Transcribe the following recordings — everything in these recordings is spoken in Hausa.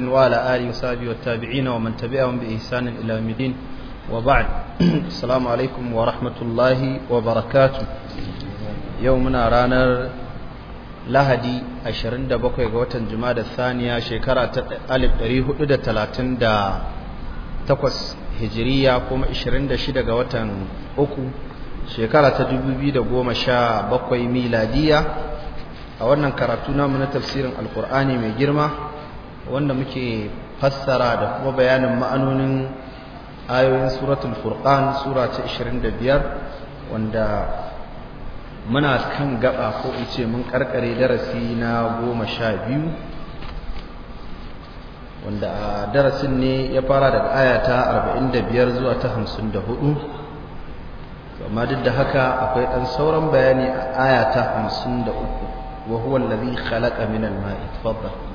وعلى آله وصحبه والتابعين ومن تبعهم بإحسان إلى يوم الدين وبعد السلام عليكم ورحمة الله وبركاته يومنا رانر lahadi 27 ga watan jumada thaniya shekara ta 1438 hijiriya kuma 26 ga watan uku shekara ta 2017 miladiya a wannan karatu na tafsirin alkur'ani mai girma wanda muke fassara da kuma bayanin ma'anonin ayoyin suratul furqan sura ta 25 wanda muna kan gaba ko in ce mun karkare darasi na 12 wanda a darasin ne ya fara daga aya ta 45 zuwa ta 54 amma duk da haka akwai ɗan sauran bayani a aya ta 53 wa huwa allazi khalaqa min al-ma'i tafadhal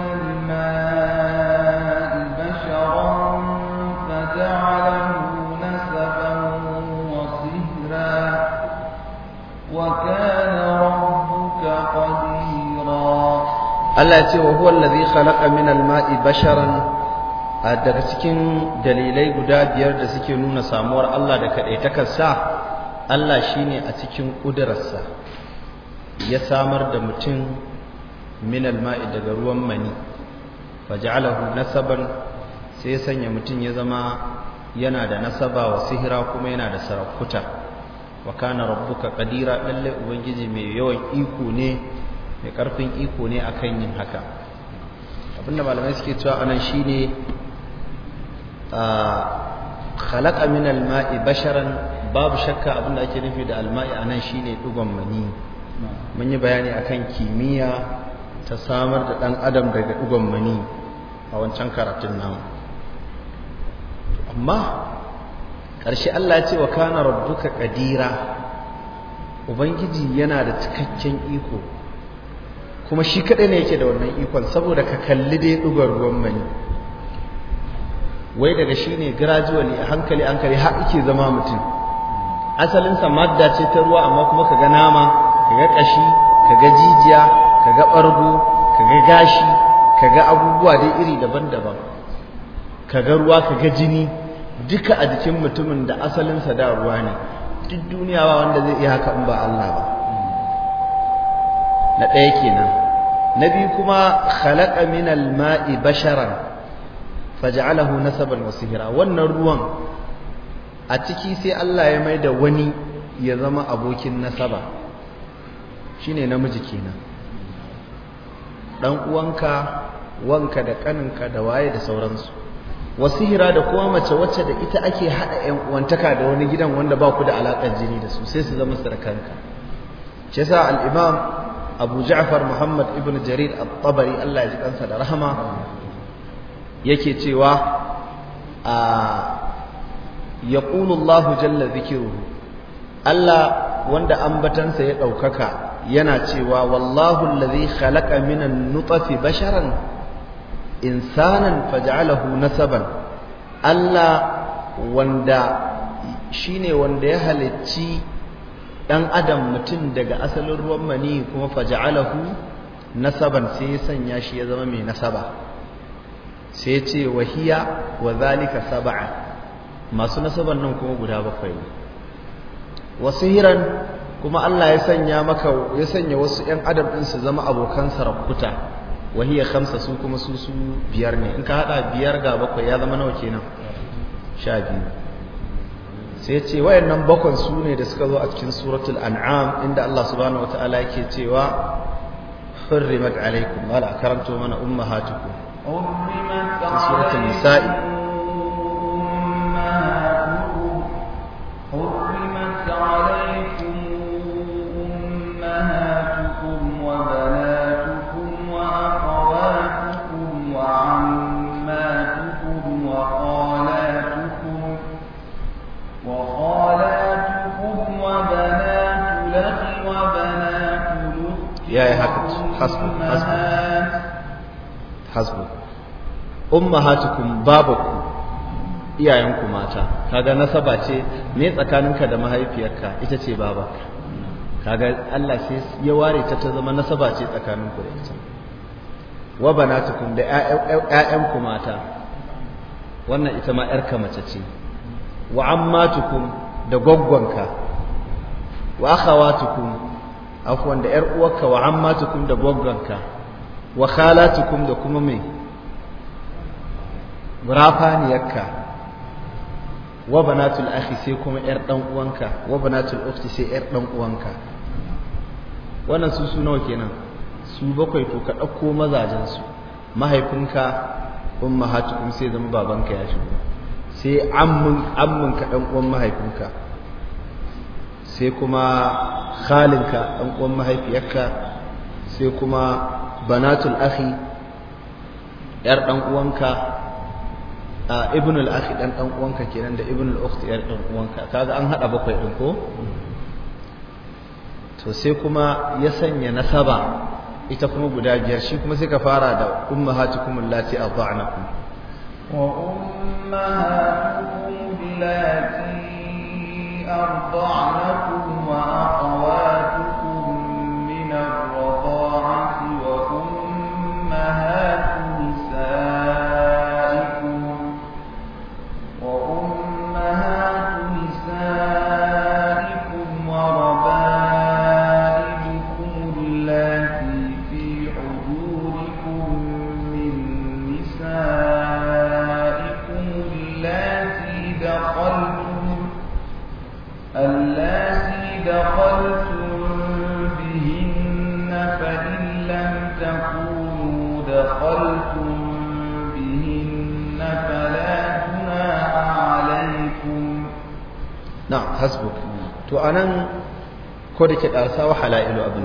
Allah ya ce wa huwa allazi khalaqa min al-ma'i basharan daga cikin dalilai guda biyar da suke nuna samuwar Allah da kadaitakarsa Allah shine a cikin ƙudurarsa ya samar da mutum min al-ma'i daga ruwan mani faj'alahu nasaban sai ya sanya mutum ya zama yana da nasaba wa sihira kuma yana da sarakuta wa kana rabbuka qadira lalle ubangiji mai yawan iko ne mai karfin iko ne akan yin haka abinda malamai suke cewa anan shine khalaqa min al basharan babu shakka abinda ake nufi da al-ma'i anan shine dugon mani mun yi bayani akan kimiyya ta samar da dan adam daga dugon mani a wancan karatun namu amma ƙarshe Allah ya ce wa kana rabbuka qadira ubangiji yana da cikakken iko kuma shi kaɗai ne yake da wannan ikon saboda ka kalli dai ɗugar ruwan mani wai daga shi ne gradually a hankali hankali har ke zama mutum asalinsa madda ce ta ruwa amma kuma ka ga nama ka ga ƙashi, ka ga jijiya ka ga kaga ka ga gashi ka ga abubuwa dai iri daban-daban ka ga ruwa ka ga jini duka a jikin mutumin da asalinsa da ruwa ne duk duniya ba wanda zai iya haka in ba Allah ba na ɗaya kenan na biyu kuma khalaqa min al-ma'i basharan faj'alahu nasaban wa sihra wannan ruwan a ciki sai Allah ya da wani ya zama abokin nasaba shine namiji kenan dan uwanka wanka da kaninka da waye da sauransu Wasu hira da kuma mace wacce da ita ake haɗa ƴan uwantaka da wani gidan wanda ba ku da alaƙar jini da su sai su zama sarakanka shi yasa al-imam abu ja'far muhammad ibn jarir at-tabari Allah ya ji kansa da rahama yake cewa a yaqulu Allah jalla dhikruhu Allah wanda ambatansa ya daukaka yana cewa wallahu alladhi khalaqa minan nutfati basharan insanan faj'alahu nasaban Allah wanda shine wanda ya halicci dan adam mutum daga asalin ruwan mani kuma faja'alahu nasaban sai ya sanya shi ya zama mai nasaba sai ce wahiya wa zalika sab'a masu nasaban nan kuma guda bakwai ne wasu kuma Allah ya sanya maka ya sanya wasu ƴan adam din su zama abokan sarakuta wahiya khamsa su kuma su su biyar ne in ka hada biyar ga bakwai ya zama nawa kenan sha biyu sai ya ce wayannan bakon su ne da suka zo a cikin suratul an'am inda Allah subhanahu wataala yake cewa hurrimat alaikum wala karanto mana ummahatukum hurrimat suratul nisa'i ummahatukum babakum iyayenku mata kaga nasaba ce ne tsakaninka da mahaifiyarka ita ce baba kaga Allah sai ya ware ta ta zama nasaba ce tsakaninku da ita wa banatukum da ƴaƴanku mata wannan ita ma ƴarka mace ce wa ammatukum da gwaggwanka wa akhawatukum afwan da ƴar uwarka wa ammatukum da gwaggwanka wa khalatukum da kuma mai rafaniyarka wa banatul akhi sai kuma yar dan uwanka wa banatul ukhti sai yar dan uwanka wannan su su nawa kenan su bakwai to ka dauko mazajen su mahaifinka ummahatukum sai zama babanka ya shigo sai ammun ammun ka dan uwan mahaifinka sai kuma khalinka dan uwan mahaifiyarka sai kuma banatul akhi yar dan uwanka a ibn al-akhi dan dan uwanka kenan da ibn al-ukhti yar dan uwanka kaga an hada bakwai din ko to sai kuma ya sanya nasaba ita kuma guda biyar shi kuma sai ka fara da ummahatukum allati adha'nakum wa ummahatukum allati arda'nakum wa aqwa ko da ke ɗarsa wa halailu abu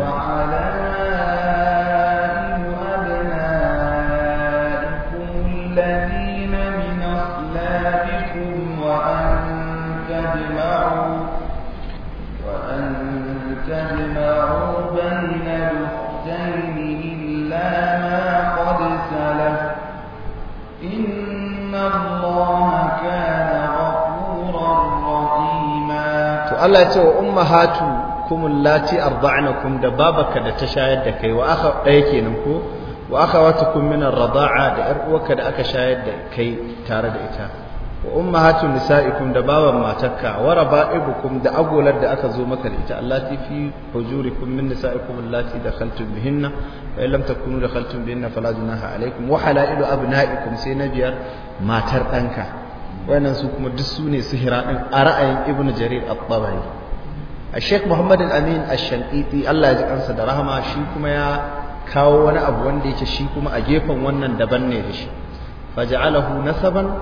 Allah ya ce wa ummahatu kumul lati arda'nakum da babaka da ta shayar da kai wa aka ɗaya kenan ko wa akhawatukum min ar-rida'a da ƴar uwarka da aka shayar da kai tare da ita wa ummahatun nisa'ikum da baban matarka wa raba'ibukum da agolar da aka zo maka da ita allati fi hujurikum min nisa'ikum allati dakhaltum bihinna wa illam takunu bihinna sai na biyar matar danka wannan su kuma duk su sihira din a ra'ayin ibnu jarir a tabari A Muhammad Muhammadu amin Ash-Shanqiti Allah ya ji da rahama shi kuma ya kawo wani abu wanda yake shi kuma a gefen wannan daban ne da shi Alahu nasaban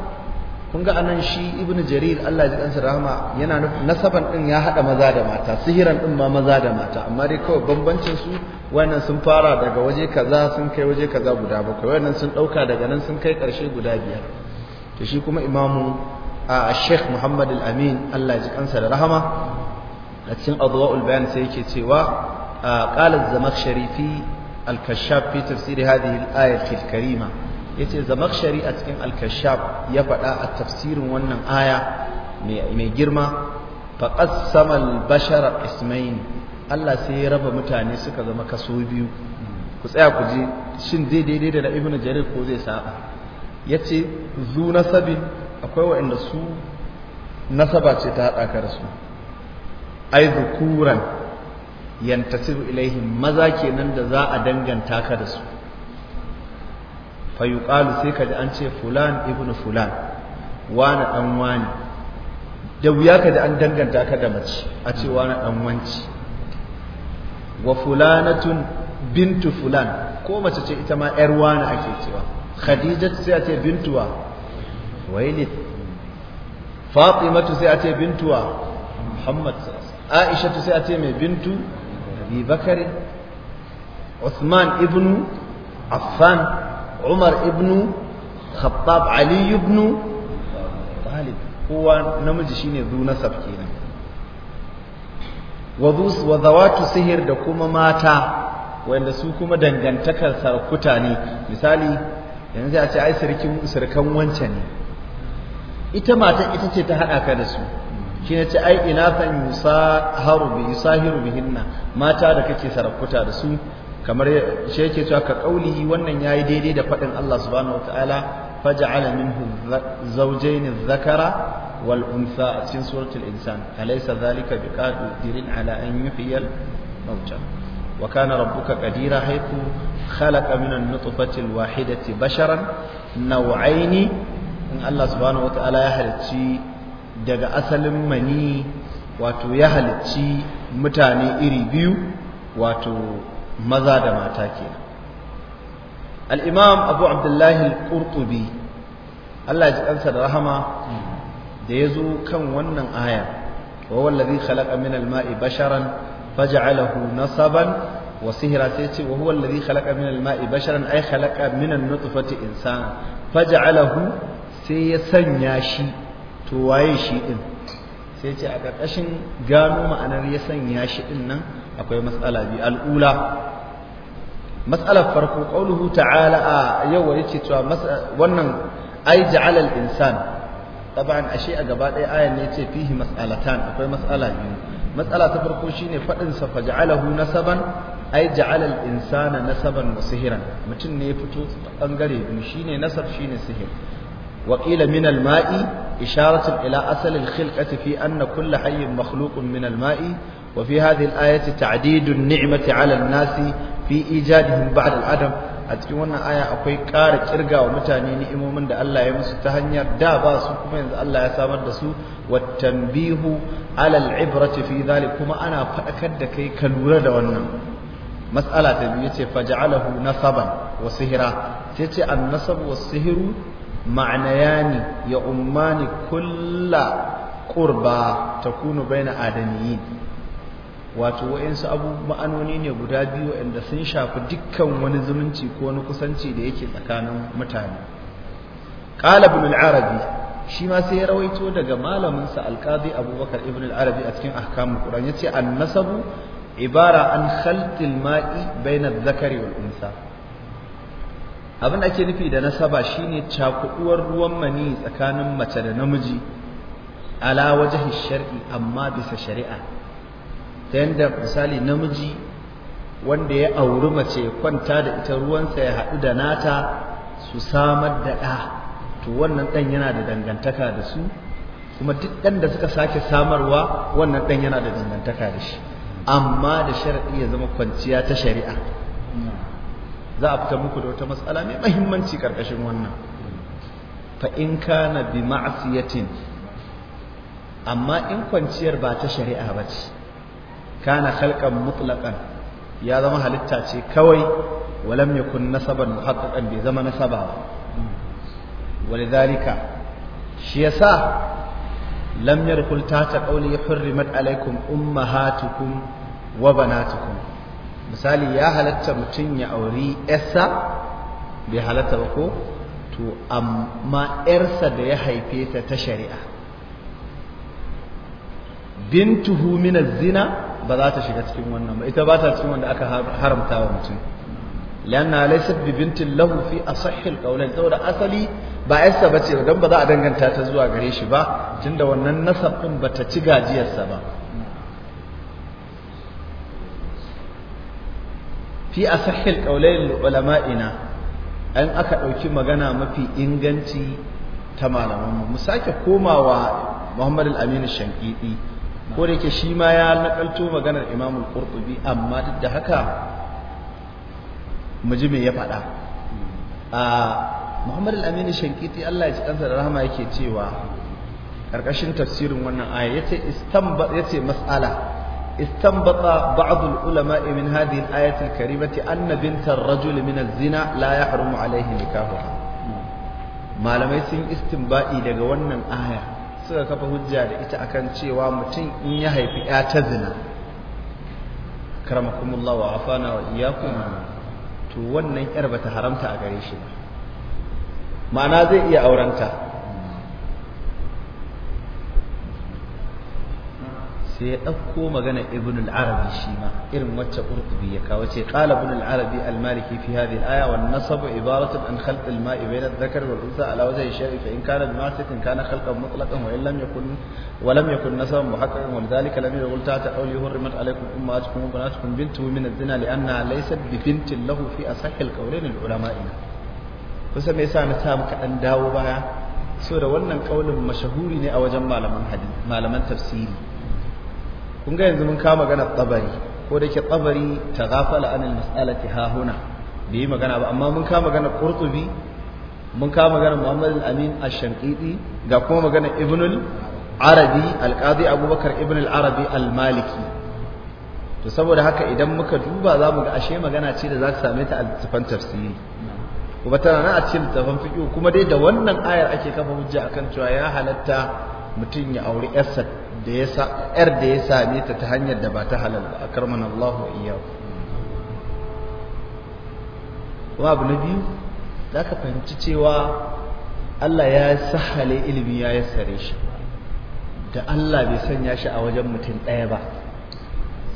kun ga anan shi Ibn Jarir Allah ya ji rahama yana nasaban ɗin ya haɗa maza da mata sihiran din ma maza da mata amma dai kawai bambancin su wannan sun fara daga waje kaza sun kai waje kaza guda bakwai wannan sun ɗauka daga nan sun kai karshe guda biyar to shi kuma imamu a Sheikh Muhammad Al-Amin Allah ya ji da rahama a cikin adwa'ul bayan sai yake cewa qala az-zamakhshari fi al-kashaf fi tafsir hadhihi al-ayat al-karima yace zamakhshari a cikin al-kashaf ya faɗa a tafsirin wannan aya mai girma faqassama al-bashara qismayn Allah sai ya raba mutane suka zama kaso biyu ku tsaya ku ji shin zai daidai da ibnu jarir ko zai saba yace zu nasabin akwai waɗanda su nasaba ce ta haɗa ka da su ai zukuran yantasibu ilaihim maza kenan da za a danganta ka da su fa yuqalu sai ka ji an ce fulan ibnu fulan wani dan wani da wuya ka da an danganta ka da mace a ce wani dan wanci wa fulanatun bintu fulan ko mace ce ita ma yar wani ake cewa khadija sai a ce bintuwa wailid fatimatu sai a ce bintuwa muhammad sallallahu aisha ta sai a ce mai bintu abi bakari usman ibnu affan umar ibnu khattab ali ibnu talib kowa namiji shine zu na kenan nan wa zawatu sihir da kuma mata wanda su kuma dangantakar sarkuta ne misali yanzu a ce ai sirkin sirkan wancan ne ita matan ita ce ta haɗa ka da su shi ne ce ai ina san yusaharu bi bihinna mata da kake sarakuta da su kamar shi yake cewa ka kaulihi wannan yayi daidai da fadin Allah subhanahu wataala faj'ala minhu zawjayn adh-dhakara wal untha cikin suratul insan alaysa dhalika biqadirin ala an yuhyiya al-mauta wa kana rabbuka qadira haythu khalaqa min an-nutfati al-wahidati basharan naw'aini in Allah subhanahu wataala ya halicci daga asalin mani wato ya halicci mutane iri biyu wato maza da mata kenan al-imam abu abdullahi al Allah ya ji kansa da rahama da ya zo kan wannan aya wa wallazi khalaqa min al-ma'i basharan faj'alahu nasaban wa sihra sai ce wa huwa allazi khalaqa min al-ma'i basharan ay khalaqa min an-nutfati insana faj'alahu sai ya sanya shi to waye shi din sai ce a ƙarƙashin gano ma'anar ya sanya shi din nan akwai matsala bi al'ula matsalar farko qauluhu ta'ala a yau yace cewa wannan ai ja'ala insan taban ashe a gaba ɗaya ayan ne yace fihi mas'alatan akwai matsala biyu matsala ta farko shine faɗin sa faj'alahu nasaban ai ja'ala insana nasaban wa sihran mutum ne ya fito bangare biyu shine nasab shine sihir waƙila minal ma'i إشارة ila asalin الخلقة في kulla كل حي minal ma'i الماء وفي هذه الآية تعديد النعمة nasi fi في إيجادهم بعد العدم a cikin wannan aya akwai ƙara kirga wa mutane ni'imomin da Allah ya musu ta hanyar da ba su kuma yanzu Allah ya samar da su watanbihu alal ibrati fi dhalik kuma ana faɗakar da kai kalura da wannan mas'ala ta biyu ce faj'alahu nasaban wa sihra sai ce an-nasab was-sihru يا أماني كل قربة تكون بين آدميين wato wa'insu abu ma'anoni ne guda biyu inda sun shafi dukkan wani zumunci ko wani kusanci da yake tsakanin mutane qala ibn al-arabi shi ma sai ya rawaito daga malamin sa al-qadi abubakar ibn al-arabi a cikin ahkamul qur'an yace an-nasabu ibara an khaltil ma'i bayna adh-dhakari wal-unsa abin da ake nufi da nasaba shine cakuduwar ruwan mani tsakanin mace da namiji ala wajhi shar'i amma bisa shari'a ta yanda misali namiji wanda ya auri mace ya kwanta da ita ruwansa ya haɗu da nata su samar da ɗa to wannan ɗan yana da dangantaka da su kuma duk ɗan da suka sake samarwa wannan ɗan yana da dangantaka da shi amma da sharaɗi ya zama kwanciya ta shari'a za a fita muku da wata matsala mai mahimmanci karkashin wannan fa in kana bi ma'siyatin amma in kwanciyar ba ta shari'a ba ce kana khalqan mutlaqan ya zama halitta ce kawai walam yakun nasaban muhaqqaqan bai zama nasaba ba walidhalika shi yasa lam yarkul ta ta qawli hurrimat alaikum ummahatukum wa banatukum misali ya halatta mutum ya auri yarsa bai halatta ba ko to amma yarsa da ya haife ta ta shari'a bintuhu min zina ba za ta shiga cikin wannan ba ita ba ta cikin wanda aka haramta wa mutum لأنها ليست ببنت a في أصح القولين تقول asali ba yarsa bace dan ba za a danganta ta zuwa gare shi ba tunda wannan nasab din bata ci gajiyarsa ba fi sahil qawlayn ulama'ina an aka ɗauki magana mafi inganci ta malaman mu sake komawa Muhammad al aminu al-Shankidi ko da yake shi ma ya nakalto maganar Imam al-Qurtubi amma duk da haka mu ji me ya faɗa a Muhammad al aminu Allah ya ji kansa da rahama yake cewa ƙarƙashin tafsirin wannan aya yace yace mas'ala استنبط بعض العلماء من هذه الآية الكريمة أن بنت الرجل من الزنا لا يحرم عليه نكاحها ما لم يسن استنبائي لقوانا آية kafa hujja da ita akan cewa mutum in ya haifi ya ta zina karamakumullah wa afana wa iyakum to wannan yar bata haramta a gare shi ba ma'ana zai iya aurenta sai ya ɗauko magana ibn al-arabi shi ma irin wacce qurtubi ya kawo ce qala ibn al-arabi al-maliki fi hadhihi al-aya wan nasab ibaratu an khalq al-ma'i bayna adh-dhakar wal untha ala wajhi shari fa in kana al-ma'sik kana khalqan mutlaqan wa in lam yakun wa lam yakun nasaban muhaqqaqan wa lidhalika lam yaqul ta'ata qawli hurrimat alaykum ummahatukum wa banatukum bintu min adh-dhina li'anna laysat bi bintin lahu fi asahhi al-qawlayn al-ulama'i kusa me yasa na samu kaɗan dawo baya so da wannan kaulin mashahuri ne a wajen malaman hadisi malaman tafsiri kun ga yanzu mun kama magana tsabari ko da ke tsabari ta gafala anil mas'alati ha huna bai yi magana ba amma mun kama magana qurtubi mun kama magana muhammad al-amin ash-shanqiti ga kuma magana ibnul arabi al-qadi abubakar ibnul arabi al-maliki to saboda haka idan muka duba za mu ga ashe magana ce da za ka same ta a littafin tafsiri kuma tana nan a cikin littafin fiqh kuma dai da wannan ayar ake kafa hujja akan cewa ya halatta mutum ya auri yarsa da yar da ya same ta ta hanyar da ba ta halal ba akraman Allah wa wa abu na biyu za ka fahimci cewa Allah ya sahale ilimi ya yassare shi da Allah bai sanya shi a wajen mutum ɗaya ba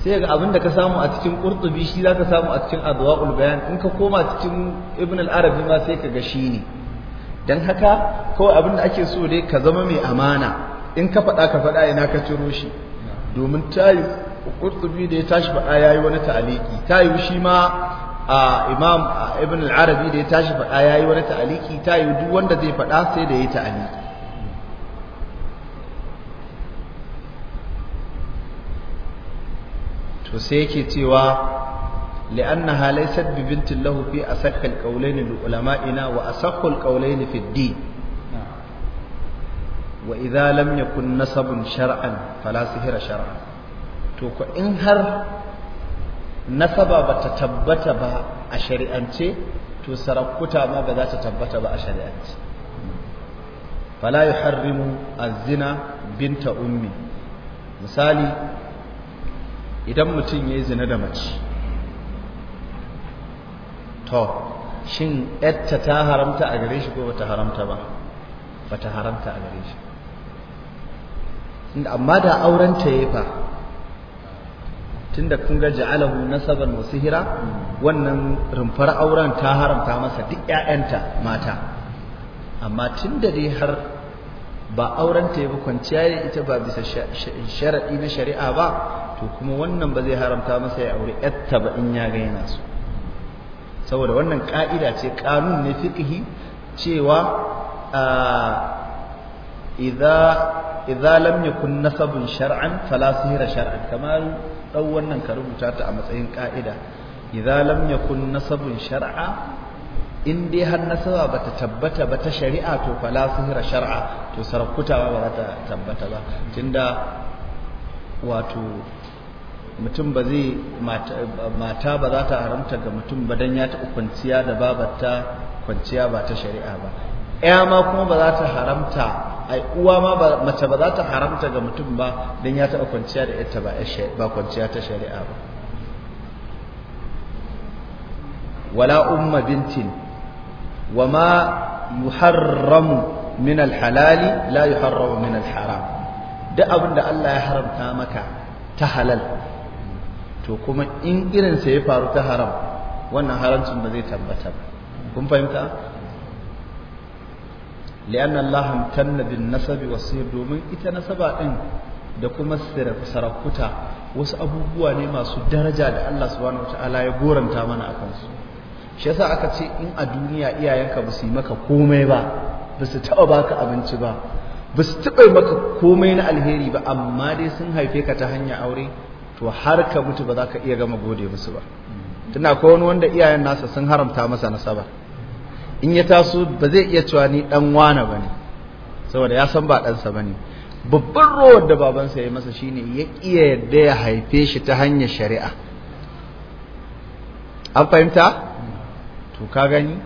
sai ga abin da ka samu a cikin ƙurtubi shi za ka samu a cikin adwaul bayan in ka koma cikin ibn al-arabi ma sai ka ga shi ne dan haka kawai abin da ake so dai ka zama mai amana in ka faɗa ka faɗa ina ka ciro shi domin tayi qurtubi da ya tashi faɗa ya yi wani ta'aliki Ta tayi shi ma imam ibn al-arabi da ya tashi faɗa ya yi wani ta'aliki Ta tayi duk wanda zai faɗa sai da yayi ta'aliki to sai yake cewa لأنها ليست ببنت له في أسخ القولين wa وأسخ القولين في الدين wa idza lam yakun nasabun shar'an fala sihira shar'an to in har nasaba ba ta tabbata ba a shari'ance to sarakuta ma ba za ta tabbata ba a shari'ance fala yuharrimu az-zina binta ummi misali idan mutum yayi zina da mace to shin yatta ta haramta a gare shi ko bata haramta ba bata haramta a gare shi amma da auren ta yi fa tunda kun ga ja'alahu nasaban wasu hira wannan rumfar auren ta haramta masa duk ya'yanta mata amma tunda dai har ba auren ta yayi kwanciya ne ita ba bisa sharaɗi na shari'a ba to kuma wannan ba zai haramta masa ya aure yatta ba in ya ga yana saboda wannan ka'ida ce kanun ne fiqhi cewa ah, idza idza lam yakun nasabun shar'an fala sihra shar'an kamar dau wannan ka rubuta ta a matsayin ka'ida idza lam yakun nasabun shar'a in dai har nasaba bata tabbata ba ta shari'a to fala sihra shar'a to sarakutawa ba za ta tabbata ba tunda wato mutum ba zai mata ba za ta haramta ga mutum ba dan ya ta kwanciya da babarta kwanciya ba ta shari'a ba ƴa ma kuma ba za ta haramta ai uwa ma ba mace ba za ta haramta ga mutum ba dan ya taɓa kwanciya da ita ba eh, ba kwanciya ta shari'a ba wala umma bintin ma yuharramu min alhalali la yuharramu min alharam duk abin da Allah ya haramta maka ta halal to kuma in irinsa ya faru ta haram wannan haramcin ba zai tabbata ba kun fahimta li'anna Allah amtanna bin nasabi domin ita nasaba din da kuma sarakuta wasu abubuwa ne masu daraja da Allah subhanahu wataala ya goranta mana akan su shi yasa aka ce in a duniya iyayenka ba su yi maka komai ba ba su taɓa baka abinci ba ba su taɓa maka komai na alheri ba amma dai sun haife ka ta hanyar aure to har ka mutu ba za ka iya gama gode musu ba tunda ko wani wanda iyayen nasa sun haramta masa nasaba in ya taso ba zai iya cewa ni dan wane bane saboda ya san ba ɗansa bane babban rawar da babansa ya masa shine ya iya yadda ya haife shi ta hanyar shari'a an fahimta to ka gani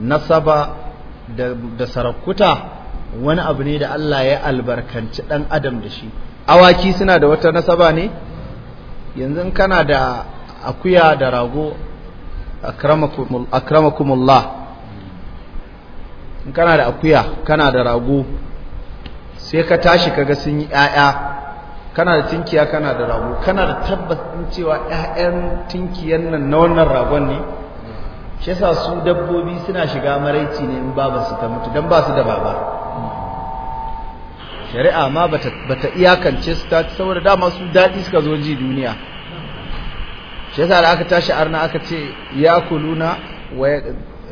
nasaba da, da sarakuta wani abu ne da Allah ya albarkanci ɗan adam da shi awaki suna da wata nasaba ne yanzu kana da akuya da rago akramakumullah in kana da akuya kana da rago sai ka tashi kaga sun yi 'ya'ya kana da tinkiya kana da rago kana da tabbacin cewa 'ya'yan tinkiyan nan na wannan ragon ne shi yasa su dabbobi suna shiga maraici ne in ba su ta mutu don ba su da baba shari'a ma ba ta iyakance su ta saboda dama su daɗi suka zo ji duniya shi yasa da aka tashi arna aka ce ya kuluna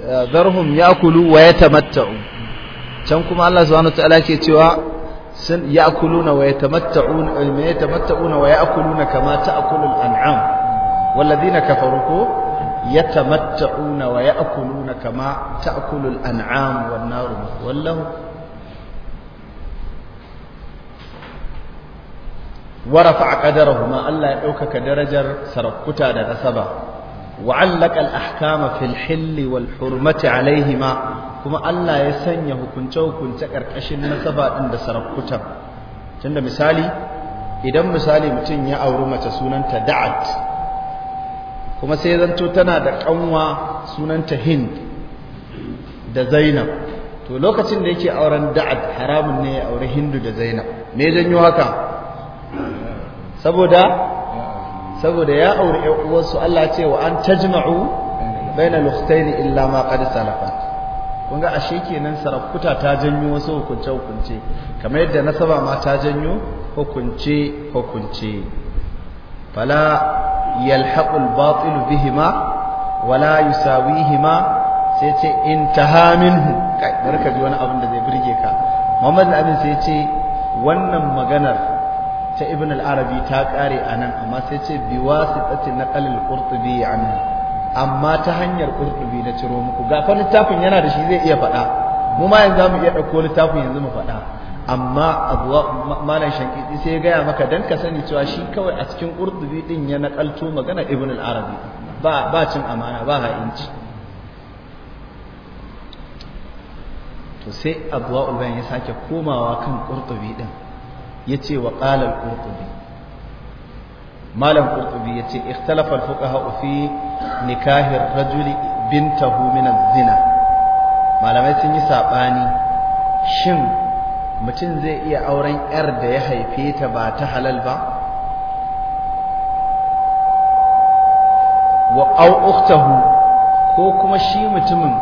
zarhum yakulu wa yatamatta'u can kuma Allah subhanahu wataala ke cewa sun yakuluna wa yatamatta'una eh, ma yatamatta'una wa yakuluna kama ta'kulu al-an'am walladhina kafaru ko yatamatta'una wa yakuluna kama ta'kulu al-an'am wan naru wallahu ورفع قدرهما الله درجة سرقتا وعلق الأحكام في الحل والحرمة عليهما كما الله يسن يهكم hukunce-hukunce ƙarƙashin نصبا عند da كتب Tunda misali, idan misali mutum ya auri mace sunanta da'at kuma sai zanto tana da ƙanwa sunanta hind da zainab to lokacin da yake auren da'at haramun ne ya auri hindu da zainab me zan yi haka saboda saboda ya aure ƴan uwansu Allah ce wa an tajma'u baina ukhtayn illa ma qad salafa kun ga ashe kenan sarakuta ta janyo wasu hukunce hukunce kamar yadda nasaba ma ta janyo hukunce hukunce fala yalhaqu al-batil bihima wala yusawihima sai ce intaha minhu kai barka ji wani abin da zai burge ka Muhammad Abin sai ce wannan maganar ta ibn al-arabi ta kare anan amma sai ce bi wasitati naqal al-qurtubi an amma ta hanyar qurtubi na ciro muku ga fa littafin yana da shi zai iya faɗa mu ma yanzu mu iya dauko littafin yanzu mu faɗa amma abwa malan shankiti sai ya gaya maka dan ka sani cewa shi kawai a cikin qurtubi din ya nakalto magana ibn al-arabi ba ba cin amana ba ha'inci to sai abwa ulban ya sake komawa kan qurtubi din ya ce wa ƙalar ƙurƙubi malam ƙurƙubi ya ce ikhtalafar fuka fi nikahin rajuli bintahu minan zina malamai sun yi saɓani shin mutum zai iya auren 'yar da ya haife ta ba ta halal ba wa uktahu ko kuma shi mutumin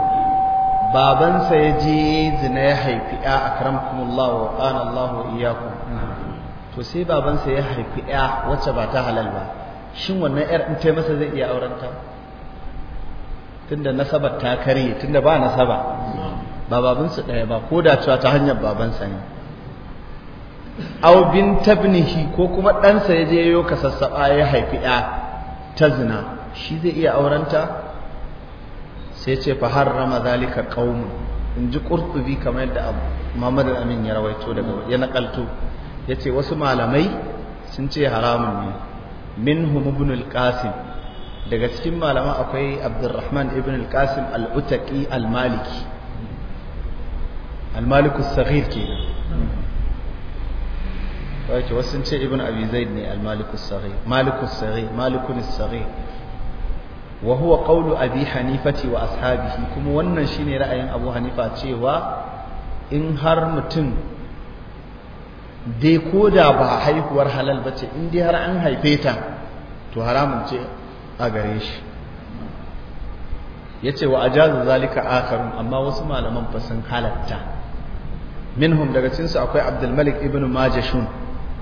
babansa ya je zina ya haifi a akramkumullah wa qana Allah iyyakum to sai babansa ya haifi ya wacce ba ta halal ba shin wannan yar in tai masa zai iya aurenta tunda nasabar ta karye tunda ba nasaba ba babansa ɗaya ba ko da cewa ta hanyar babansa ne aw bin tabnihi ko kuma ɗansa ya je yo ka sassaɓa ya haifi ya ta zina shi zai iya aurenta sai ce fa harrama zalika qaumun in ji qurtubi kamar yadda Muhammad amin ya rawaito daga ya nakalto yace wasu malamai sun ce haramun ne minhum ibn al daga cikin malaman akwai abdurrahman ibn al-qasim almaliki. Almalikus al-maliki al-malik wasu sun ce ibn abi ne almalikus malik malikus saghir malikunis as saghir malik wa huwa qawlu abi hanifati wa ashabihi kuma wannan shine ra'ayin abu hanifa cewa in har mutum dai ko da ba haihuwar halal ba ce in dai har an haife ta to haramun ce a gare shi ya ce wa ajazu zalika akarun amma wasu malaman fa sun halatta minhum daga cinsu akwai abdulmalik ibn majashun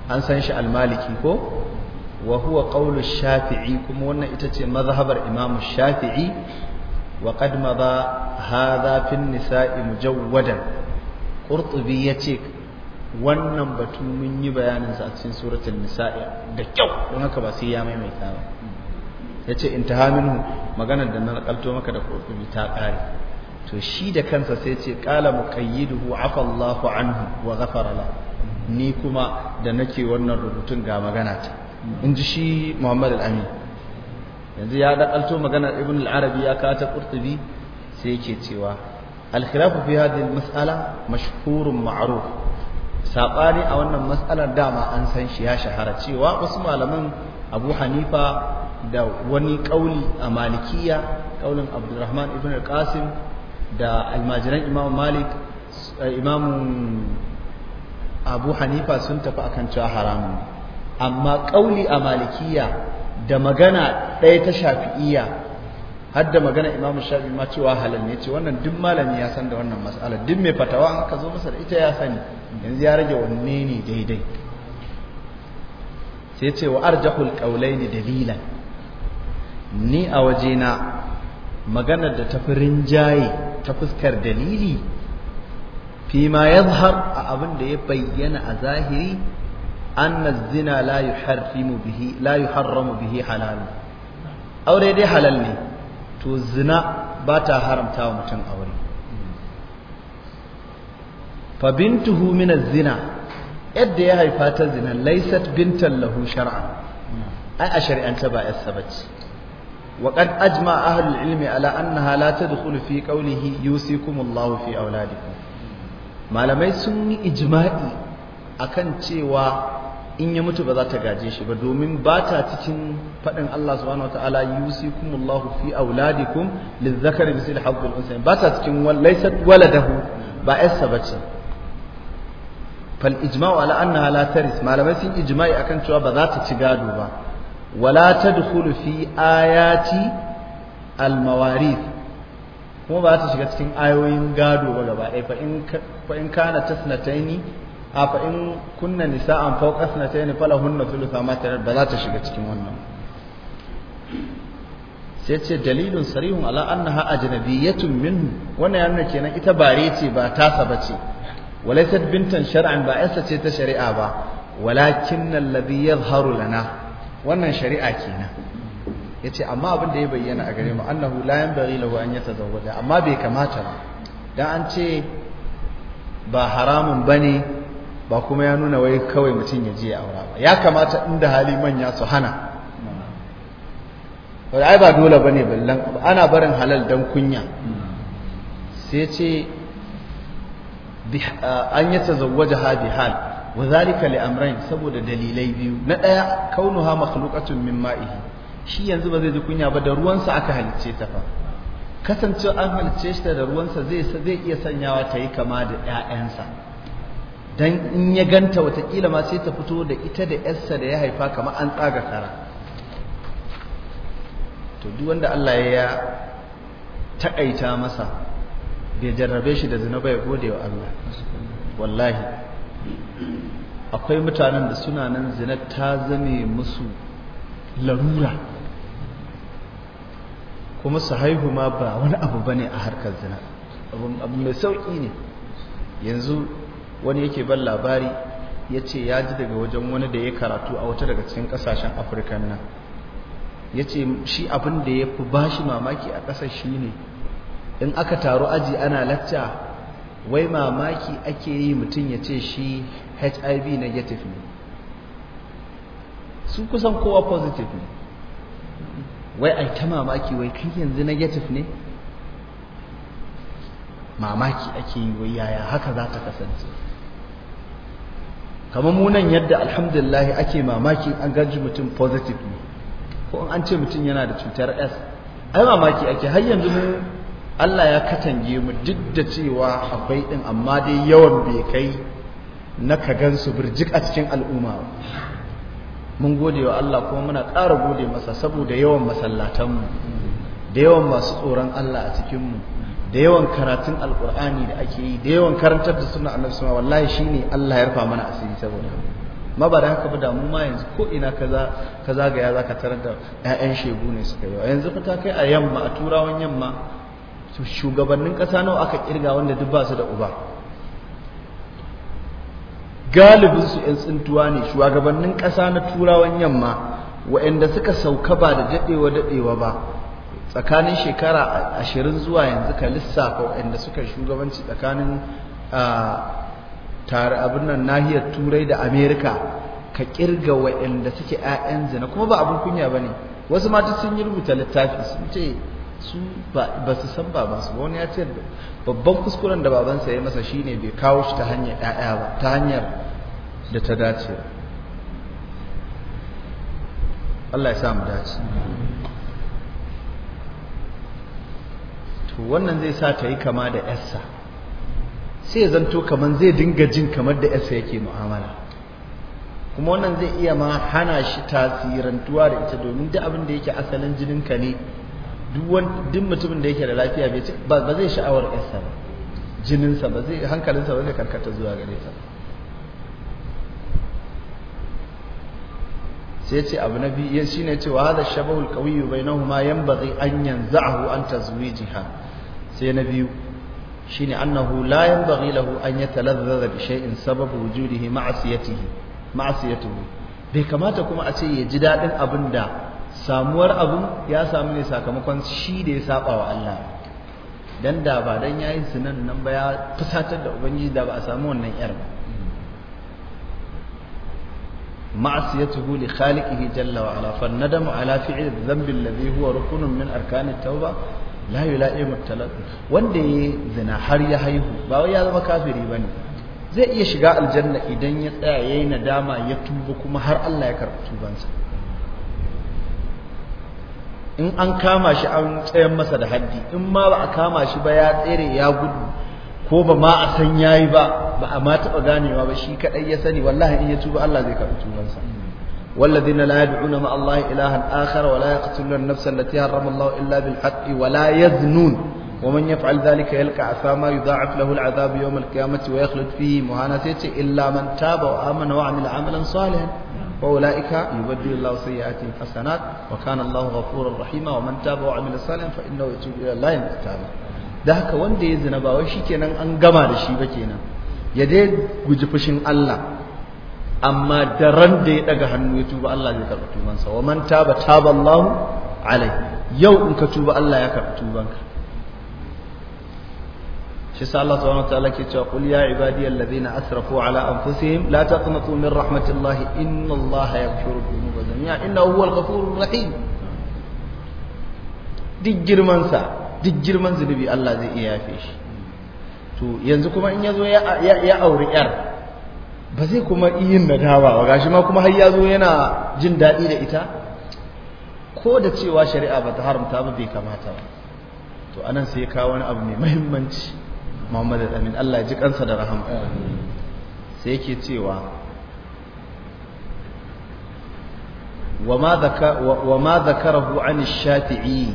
an san shi almaliki ko wa huwa qawlu shafi'i kuma wannan ita ce mazhabar imam shafi'i wa qad madha hadha fi nisa'i mujawwadan qurtubi yace wannan batun mun yi bayaninsa a cikin suratul nisa'i da kyau don haka ba sai ya maimaita ba yace intaha minhu maganar da na nakalto maka da kofi ta kare to shi da kansa sai yace qala muqayyiduhu afa Allahu anhu wa ghafara la ni kuma da nake wannan rubutun ga magana ta in ji shi Muhammad al-Amin yanzu ya nakalto maganar Ibn al-Arabi ya ka ta kurtubi sai yake cewa al-khilafu fi hadhihi al-mas'ala mashhurun ma'ruf saɓani a wannan matsalar dama an san shi ya shahara cewa wasu malaman abu hanifa da wani ƙauli a malikiya ƙaulin abdulrahman ibn al da almajiran imam malik imam abu hanifa sun tafi akan cewa haramun amma ƙauli a malikiya da magana ɗaya ta shafi'iya har da magana imam shafi ma cewa halal ne ce wannan duk malami ya san da wannan mas'ala duk mai fatawa an aka zo masa da ita ya sani yanzu ya rage wanne ne daidai sai ce wa arjahul ne dalilan ni a wajena maganar da tafi rinjaye ta fuskar dalili fi ma zahar a abin da ya bayyana a zahiri anna zina la yuharrimu yuharramu bihi halal aure dai halal ne to zina ba ta haramta wa mutum aure fa bintuhu zina yadda ya haifa ta zina laisat bintan lahu shar'an ai a shari'ance ba yarsa bace wa qad ajma ahlul ilmi ala annaha la tadkhulu fi qawlihi yusikumullahu fi auladikum malamai sun yi ijma'i akan cewa in ya mutu ba za ta gaje shi ba domin ba ta cikin faɗin Allah subhanahu wa ta'ala yusikumullahu fi auladikum lizzakari bisil haqqul unsayn ba ta cikin laysat waladahu ba yarsa bace fal ijma'u ala annaha la taris malamai sun ijma'i akan cewa ba za ta ci gado ba wala tadkhulu fi ayati al mawarith kuma ba ta shiga cikin ayoyin gado ba gaba ɗaya fa in kana tasnataini a fa in kunna nisa'an fawqa sanatayn falahunna thulutha ma tarar ba za ta shiga cikin wannan sai ce dalilun sarihun ala annaha ajnabiyyatun min wannan yana kenan ita bare ce ba tasa ce walaysat bintan shar'an ba yasa ce ta shari'a ba walakin alladhi yadhharu lana wannan shari'a kenan yace amma abin da ya bayyana a gare mu annahu la yanbaghi lahu an yatazawwaja amma bai kamata ba dan an ce ba haramun bane ba kuma ya nuna wai kawai mutum ya je ya aura ba ya kamata inda hali manya su hana wadda ai ba dole ba ne ballan ana barin halal don kunya sai ce an yi tazawwaja ha bihal wa zalika li amrain saboda dalilai biyu na daya kaunuha makhluqatun min ma'ihi shi yanzu ba zai ji kunya ba da ruwansa aka halicce ta fa kasance an halicce shi da ruwansa zai zai iya sanyawa ta yi kama da 'ya'yansa dan in ya ganta watakila ma sai ta fito da ita da yarsa da ya haifa kamar an tsaga kara to duk wanda Allah ya takaita masa bai jarrabe shi da zina ba ya gode wa Allah wallahi akwai mutanen da suna nan zina ta zame musu larura kuma su haihu ma ba wani abu bane a harkar zina abu mai sauki ne yanzu wani yake ban labari ya ce ya ji daga wajen wani da ya karatu a wata daga cikin kasashen afirka nan ya ce shi abin da ya fi ba shi mamaki a ƙasar shi ne in aka taru aji ana lacca wai mamaki ake yi mutum ya ce shi hiv negative ne su kusan kowa positive ne wai ai ta mamaki wai kai yanzu negative ne mamaki ake yi wai yaya haka za ta kasance kamar mu yadda alhamdulillah ake mamaki an ganji mutum positive ne ko an ce mutum yana da cutar S ai mamaki ake har yanzu mu Allah ya katange mu duk da cewa akwai din amma dai yawan bai kai na ka gansu birjik a cikin al'umma mun gode wa Allah kuma muna ƙara gode masa saboda yawan masallatanmu da yawan masu tsoron Allah a cikinmu da yawan karatun alkur'ani da ake yi da yawan karantar da suna annabi sama wallahi shine Allah ya rufa mana asiri saboda ma ba da haka ba da mu ma yanzu ko ina kaza kaza ga ya tarar da ƴaƴan shegu ne suka yi yanzu fa ta kai a yamma a turawan yamma shugabannin ƙasa nawa aka kirga wanda duk ba su da uba galibin su ƴan tsintuwa ne shugabannin kasa na turawan yamma waɗanda suka sauka ba da dadewa-dadewa ba tsakanin shekara ashirin zuwa yanzu ka lissafa waɗanda suka shugabanci tsakanin tare abin nan nahiyar turai da amerika ka kirga waɗanda suke 'ya'yan zina kuma ba abin kunya ba ne wasu mata sun yi rubuta littafi sun ce su ba su san babansu ba wani ya ce babban kuskuren da babansa ya masa shine bai kawo shi ta hanyar ƴaƴa ba ta hanyar da ta dace Allah ya sa mu dace to wannan zai sa ta yi kama da yarsa sai zan zanto kaman zai dinga jin kamar da yarsa yake mu'amala kuma wannan zai iya ma hana shi tasirantuwa da ita domin duk abin da yake asalin jininka ne duk mutumin da yake da lafiya ba zai sha'awar yarsa ba jininsa ba zai hankalinsa ba zai karkata zuwa gare ta sai ce abu na biyu shine cewa hada shabahul qawiyyu bainahuma yanbaghi an yanzahu an tazwijiha sai na biyu shine annahu la yanbaghi lahu an yatalazzaza bi shay'in sababu wujudihi ma'asiyatihi ma'asiyatuhu bai kamata kuma a ce ya ji daɗin abin da samuwar abin ya samu ne sakamakon shi da ya saba wa Allah dan da ba dan yayin sunan nan ba ya fusatar da ubangiji da ba a samu wannan yar ba معصيته لخالقه جل وعلا فالندم على فعل الذنب الذي هو min من أركان tauba. la yula'i mutalat wanda yayi zina har ya haihu ba wai ya zama kafiri bane zai iya shiga aljanna idan ya tsaya yayi nadama ya tuba kuma har Allah ya karɓi tubansa in an kama shi an tsayan masa da haddi in ma ba a kama shi ba ya tsere ya gudu ko ba ma a san yayi ba ba a ma taɓa ganewa ba shi kaɗai ya sani wallahi in ya tuba Allah zai karɓi tubansa والذين لا يدعون مع الله إلها آخر ولا يقتلون النفس التي حرم الله إلا بالحق ولا يزنون ومن يفعل ذلك يلقى عثاما يضاعف له العذاب يوم القيامة ويخلد فيه مهانة إلا من تاب وآمن وعمل عملا صالحا فأولئك يبدل الله سيئاتهم حسنات وكان الله غفورا رحيما ومن تاب وعمل صالحا فإنه يتوب إلى الله تابا da haka wanda ya zina ba wai shikenan an gama da shi ba kenan ya dai guji fushin Allah amma daren da ya daga hannu ya tuba Allah zai karɓi tubansa wa man taba taba Allah alai yau in ka tuba Allah ya karɓi tubanka shi sa Allah subhanahu ke cewa qul ya ibadi alladhina asrafu ala anfusihim la taqnatu min rahmatillahi inna Allah yaghfiru dhunuba jami'a innahu huwal ghafurur rahim duk girman sa duk girman zunubi Allah zai iya yafe shi to yanzu kuma in yazo ya ya auri yar ba zai kuma yin dawa ba gashi ma kuma har ya zo yana jin daɗi da ita ko da cewa shari'a ba ta haramta ba bai kamata ba to anan sai ya kawo wani abu mai mahimmanci Muhammad Amin Allah ya ji kansa da rahama sai yake cewa wa ma zakarahu an shafi'i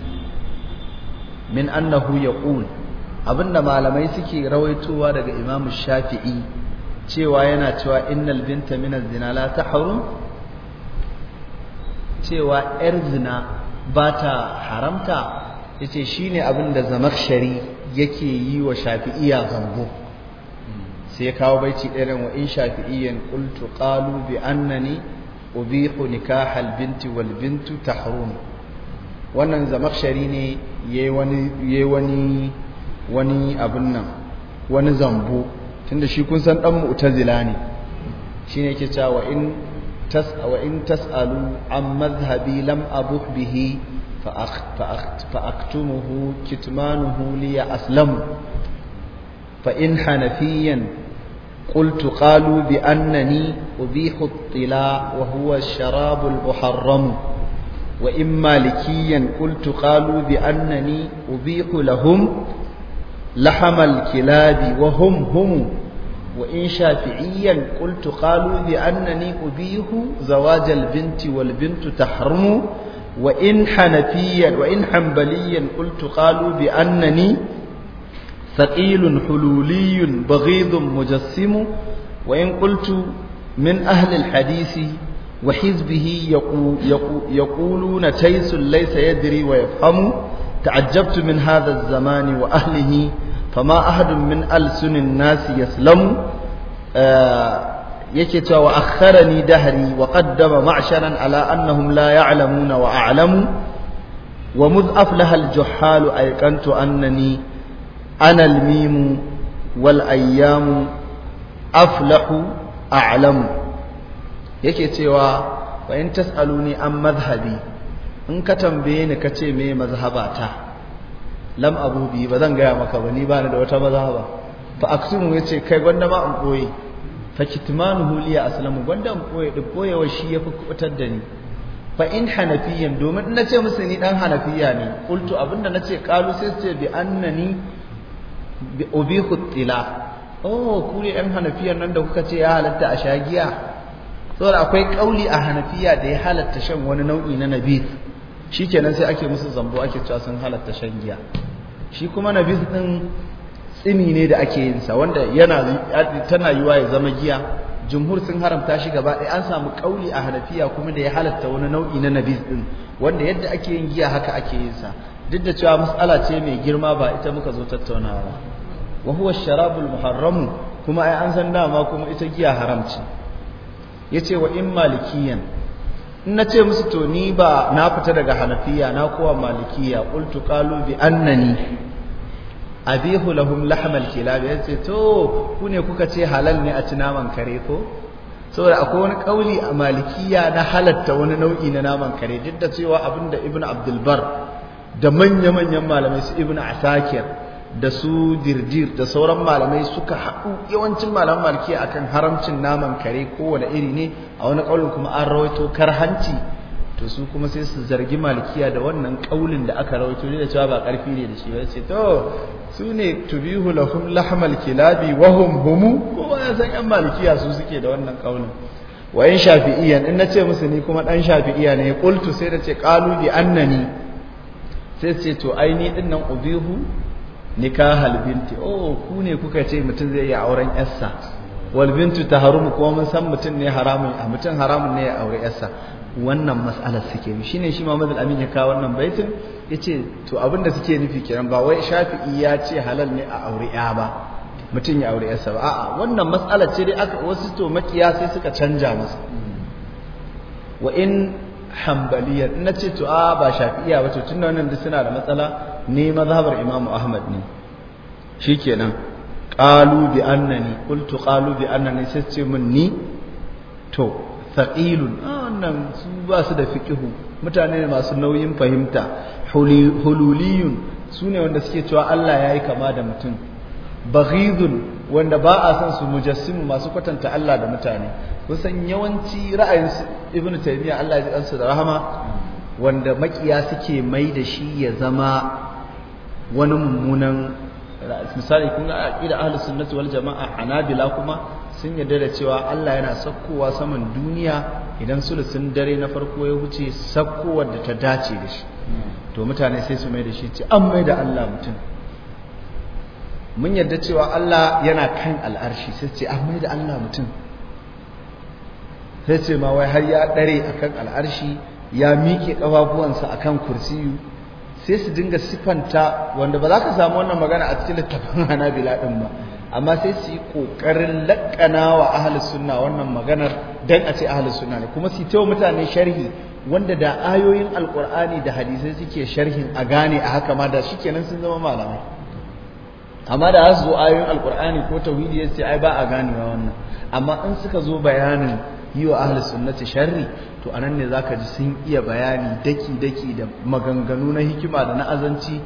min annahu yaqul abinda malamai suke rawaitowa daga Imam Shafi'i cewa yana cewa innal binta min zina la tahrum cewa yar zina ba ta haramta yace shine abin da zamakhshari yake yi wa shafi'iya zango sai ya kawo baiti ɗayan wa in shafi'iyan qultu ƙalu bi annani ubihu nikah al wal bintu tahrum wannan zamakhshari ne yayi wani wani wani abin nan wani zambo tunda shi kun san dan mu'tazila ne shine yake cewa wa in tas wa in tas'alu am madhhabi lam abuh bihi fa akht fa aktumuhu kitmanuhu li ya aslam fa in hanafiyan قلت قالوا بأنني أبيح الطلاء وهو الشراب المحرم وإن مالكيا قلت قالوا بأنني أبيح لهم لحم الكلاب وهم هم وإن شافعيا قلت قالوا بأنني أبيه زواج البنت والبنت تحرم وإن حنفيا وإن حنبليا قلت قالوا بأنني ثقيل حلولي بغيض مجسم وإن قلت من أهل الحديث وحزبه يقولون تيس ليس يدري ويفهم تعجبت من هذا الزمان وأهله fama ahadin min alsunin nasi yaslamu yake cewa wa akharani dahri wa qaddama ma'sharan ala annahum la ya'lamuna wa a'lamu wa mudh aflaha al-juhhalu ayqantu annani analmimu al-mim wal ayyam aflahu a'lamu yake cewa wa in tas'aluni an madhhabi in ka tambaye ni kace me mazhabata lam abu bi ba zan gaya maka ba ni ba ni da wata maza ba fa aksimu yace kai gwanda ma an koyi fa kitmanu huliya aslamu gwanda an koyi da koyewar shi yafi kubutar da ni fa in hanafiyyan domin in nace musu ni dan hanafiya ne qultu abinda nace qalu sai su ce bi annani bi ubihu tila oh ku ne hanafiyan nan da kuka ce ya halatta a giya? saboda akwai kauli a hanafiya da ya halatta shan wani nau'i na nabi shikenan sai ake musu zambo ake cewa sun halatta shan giya shi kuma nabis din tsini ne da ake yin sa wanda yana tana yiwa ya zama giya jumhur sun haramta shi gaba ɗaya an samu kauli a hanafiya kuma da ya halatta wani nau'i na nabis din wanda yadda ake yin giya haka ake yin sa duk da cewa matsala ce mai girma ba ita muka zo tattaunawa ba wa huwa sharabul muharramu kuma ai an san dama kuma ita giya haramci yace wa in malikiyan na ce musu to ni ba na fita daga hanafiya na kowa malikiya ƙultu ƙalu bi annani abihu lahum lahmal labiyar ce to ku ne kuka ce halal ne a ci naman kare ko saboda akwai wani kauli a malikiya na halatta wani nau'i na naman kare duk da cewa abinda ibnu ibn abdulbar da manya-manyan malamai su Ibn asakir da su dirdir da sauran malamai suka haɗu yawancin malaman malkiya akan haramcin naman kare kowane iri ne a wani ƙaunin kuma an rawaito karhanci to su kuma sai su zargi malkiya da wannan ƙaunin da aka rawaito ne da cewa ba ƙarfi ne da shi ba ce to su ne tubihu lahum lahmal kilabi wa hum humu kowa ya san ƴan su suke da wannan ƙaunin wa in shafi'iyan in nace musu ni kuma dan shafi'iya ne qultu sai da ce qalu bi annani sai ce to ai ni dinnan ubihu nikahal binti oh ku ne kuka ce mutum zai yi auren yarsa wal bintu taharumu kuma mun san mutum ne haramun a ah, mutum haramun ne ya aure yarsa wannan mas'alar suke yi shine shi Muhammad al-Amin ya kawo wannan baitin yace to abinda suke nufi kiran ba wai Shafi'i ya ce halal ne a aure ya ba mutum ya aure yarsa ba a'a wannan mas'alar ce dai aka wasu to makiya sai suka canja masa wa in hambaliyar nace ce to a ba shafi'iya ba to tunda wannan duk suna da matsala ni mazhabar imamu ahmad ne shikenan qalu bi annani qultu qalu bi annani sai ce min ni to thaqilun ah, wannan su ba su da fiƙihu. mutane ne masu nauyin fahimta hululiyun su ne wanda suke cewa Allah ya yi kama da mutum baghidun wanda ba a san su mujassim masu kwatanta Allah da mutane kusan yawanci ra'ayin ibnu taymiya Allah ya ji da rahama wanda makiya suke mai da shi ya zama wani mummunan misali kun ga aqida ahlus sunnati wal jamaa Anabila kuma sun yarda da cewa Allah yana sakkowa saman duniya idan sulusun dare na farko ya wuce sakkowar da ta dace da shi to mutane sai su mai da shi ce an mai da Allah mutum mun yarda cewa Allah yana kan al'arshi sai ce an mai da Allah mutum sai ce ma wai har ya dare akan al'arshi ya miƙe ƙafafuwansa akan kursiyu sai su dinga sifanta wanda ba za ka samu wannan magana a cikin littafin hanabila din ba amma sai su yi ƙoƙarin laƙana wa ahli sunna wannan maganar dan a ce ahli sunna ne kuma su yi wa mutane sharhi wanda da ayoyin alƙur'ani da hadisai suke sharhin a gane a haka ma da shikenan sun zama malamai amma da su zo ayoyin alƙur'ani ko tauhidi ya ce ai ba a ganewa wannan amma in suka zo bayanin yi wa ahli sunnati sharri to anan ne zaka ji sun iya bayani daki daki da maganganu na hikima da na azanci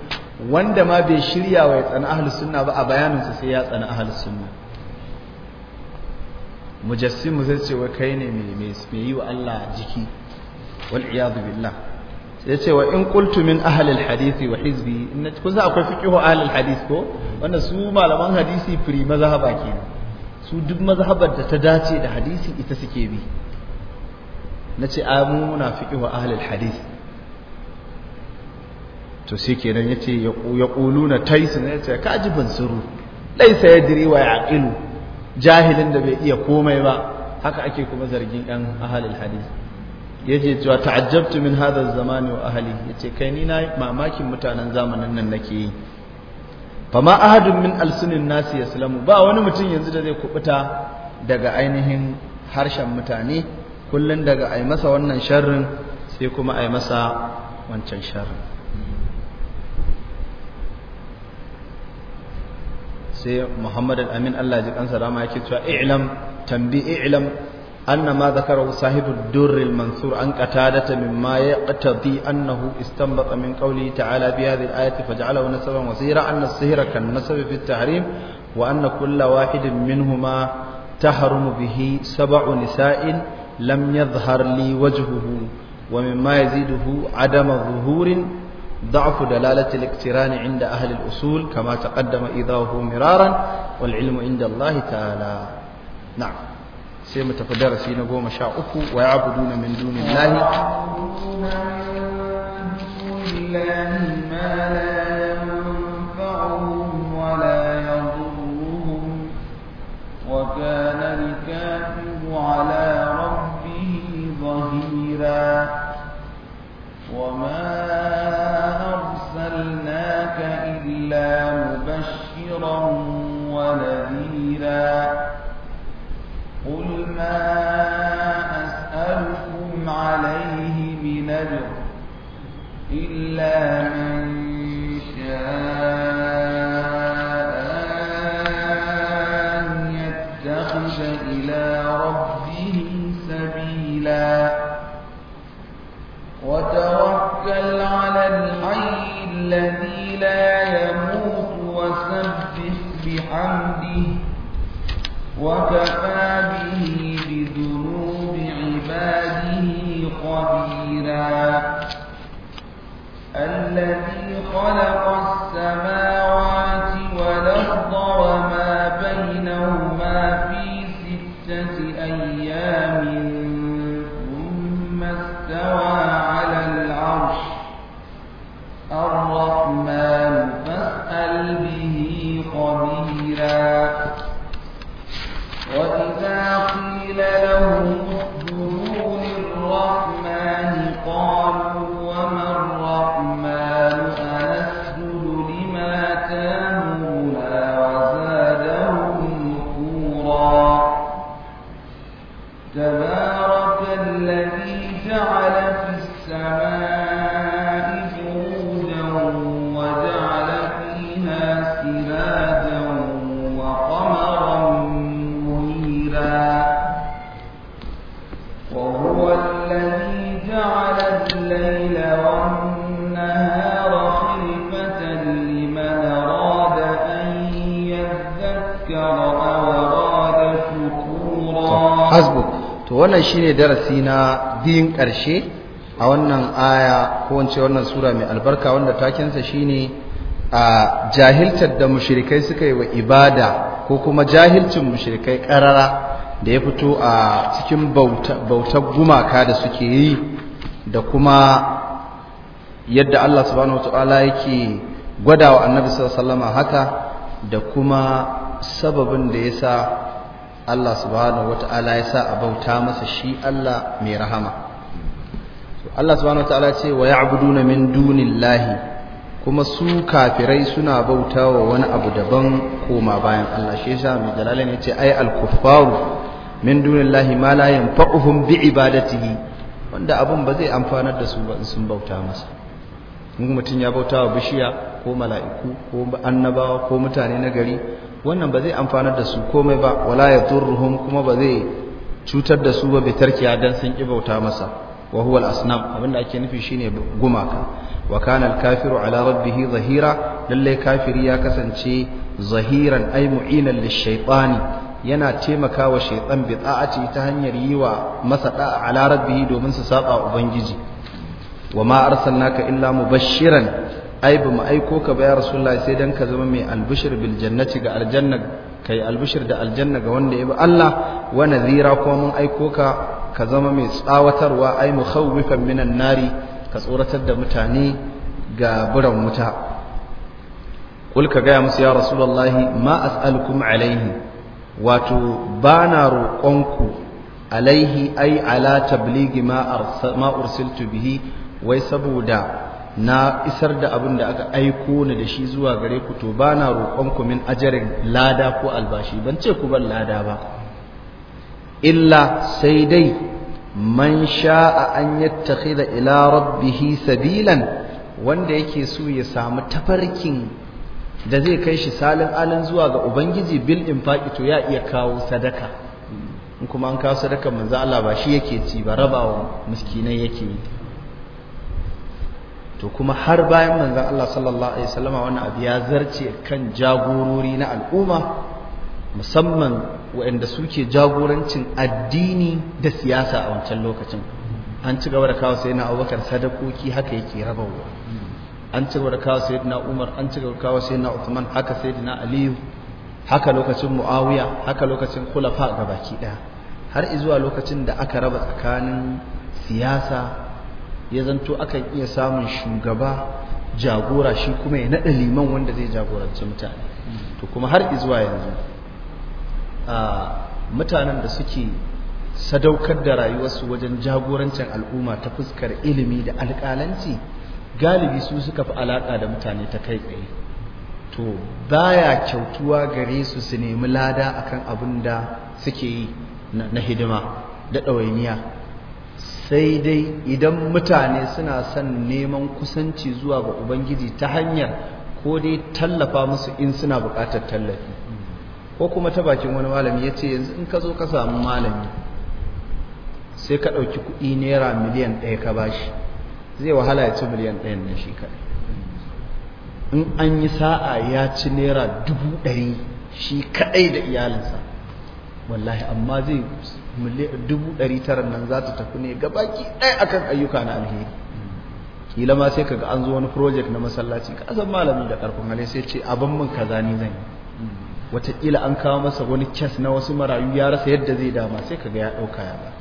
wanda ma bai shirya wa ya tsana ahli sunna ba a bayanin sa sai ya tsana ahli sunna mujassim zai ce wai kai ne mai yi wa Allah jiki wal iyad billah sai ce wa in qultu min ahli al hadisi wa hizbi in kusa akwai fiqhu ahli al hadis ko wannan su malaman hadisi firi mazhaba kenan su duk mazhabar da ta dace da hadisi ita suke bi na ce mu muna wa ahalil hadisi to sai kenan ya ce ya ƙulu na taisin ya ce kaji laisa ya diri wa ya jahilin da bai iya komai ba haka ake kuma zargin ɗan ahalil hadisi ya ce cewa ta'ajjabtu min hadha zamani wa ahli? ya ce kai ni na mamakin mutanen zamanin nan nake yi fama ahadun min alsunin nasi yaslamu ba wani mutum yanzu da zai kubuta daga ainihin harshen mutane kullun daga ai masa wannan sharrin sai kuma ai masa wancan sharrin sai Muhammad al-Amin Allah ji kansa rama yake cewa i'lam tambi i'lam أن ما ذكره صاحب الدر المنثور عن قتادة مما يقتضي أنه استنبط من قوله تعالى في هذه الآية فجعله نسبا وسيرا أن السهر كالنسب في التحريم وأن كل واحد منهما تحرم به سبع نساء لم يظهر لي وجهه ومما يزيده عدم ظهور ضعف دلالة الاقتران عند أهل الأصول كما تقدم إذا هو مرارا والعلم عند الله تعالى نعم sai mu tafi darasi na goma sha uku wa ya abu duna min dunin lahi hasbuk to wannan shine darasi na biyun karshe a wannan aya ko wance wannan sura mai albarka wanda takinsa shine a jahiltar da mushrikai suka yi wa ibada ko kuma jahilcin mushrikai karara da ya fito a cikin bautar gumaka da suke yi da kuma yadda Allah subhanahu wataala yake gwadawa annabi sallallahu alaihi haka da kuma sababin da yasa Allah subhanahu wata'ala ya sa a bauta masa shi Allah mai rahama Allah subhanahu wata'ala ce wa ya'buduna min dunillahi kuma su kafirai suna bauta wa wani abu daban koma bayan Allah shi yasa mai jalalain ce ce al-kuffaru min lahi ma la yanfa'uhum bi ibadatihi wanda abun ba zai amfanar da su ba in sun bauta masa Mun mutum ya bauta wa bishiya ko mala'iku ko annabawa ko mutane na gari wannan ba zai amfanar da su komai ba wala yadurruhum kuma ba zai cutar da su ba bi tarkiya dan sun kibauta masa wa huwa al-asnam abinda ake nufi shine gumaka wa kana al-kafiru ala rabbih zahira lalle kafiri ya kasance zahiran ay mu'inan lish-shaytani yana taimakawa shaytan bi ta'ati ta hanyar yiwa masa da'a ala rabbih domin su saba ubangiji wa ma arsalnaka illa mubashiran ai ba mu aiko ka ba ya rasulullahi sai dan ka zama mai albishir bil jannati ga aljanna kai albishir da aljanna ga wanda ya bi Allah wa nadhira kuma mun aiko ka ka zama mai tsawatarwa ai mukhawwifan minan nari ka tsoratar da mutane ga buran wuta kul ka gaya musu ya rasulullahi ma as'alukum alaihi wato bana roƙonku alaihi ai ala tablighi ma arsaltu bihi wai saboda na isar da abin da aka aiko ni da shi zuwa gare ku to ba na ku min ajarin lada ko albashi ban ce ku ban lada ba illa sai dai man sha'a an yattakhidha ila rabbihi sabilan wanda yake so ya samu tafarkin da zai kai shi salin alin zuwa ga ubangiji bil infaqi to ya iya kawo sadaka in kuma an kawo sadaka manzo Allah ba shi yake ci ba rabawa miskinai yake yi to kuma har bayan manzon Allah sallallahu alaihi wasallama wannan abu ya zarce kan jagorori na al'umma musamman waɗanda suke jagorancin addini da siyasa a wancan lokacin an ci gaba da kawo sai na abubakar sadakoki haka yake rabawa an ci gaba da kawo sai na umar an ci gaba da kawo sai na uthman haka sai na aliyu haka lokacin muawiya haka lokacin khulafa gabaki ɗaya har izuwa lokacin da aka raba tsakanin siyasa ya zanto akan iya samun shugaba jagora shi kuma ya naɗa liman wanda zai jagoranci mutane to kuma har zuwa yanzu mutanen da suke sadaukar da rayuwarsu wajen jagorancin al'umma ta fuskar ilimi da alƙalanci galibi su suka fi alaƙa da mutane ta kai tsaye to baya kyautuwa gare su su nemi lada akan abin da suke yi na hidima da ɗawainiya sai dai idan mutane suna son neman kusanci zuwa ga ubangiji ta hanyar ko dai tallafa musu in suna buƙatar tallafi ko kuma ta bakin wani malami ya ce yanzu in ka zo ka samu malami sai ka ɗauki kuɗi naira miliyan ɗaya ka bashi zai wahala ya ci miliyan ɗayan na shi kaɗai in an yi sa'a ya ci naira dubu ɗari shi kaɗai da iyalinsa wallahi amma zai dubu ɗari tara nan za ta tafi ne gabaki ɗaya akan ayyuka na alheri kila ma sai kaga an zo wani project na masallaci ka san malami da karfin hali sai ce abin min kaza ni zan yi wataƙila an kawo masa wani chess na wasu marayu ya rasa yadda zai dama sai kaga ya ɗauka ya ba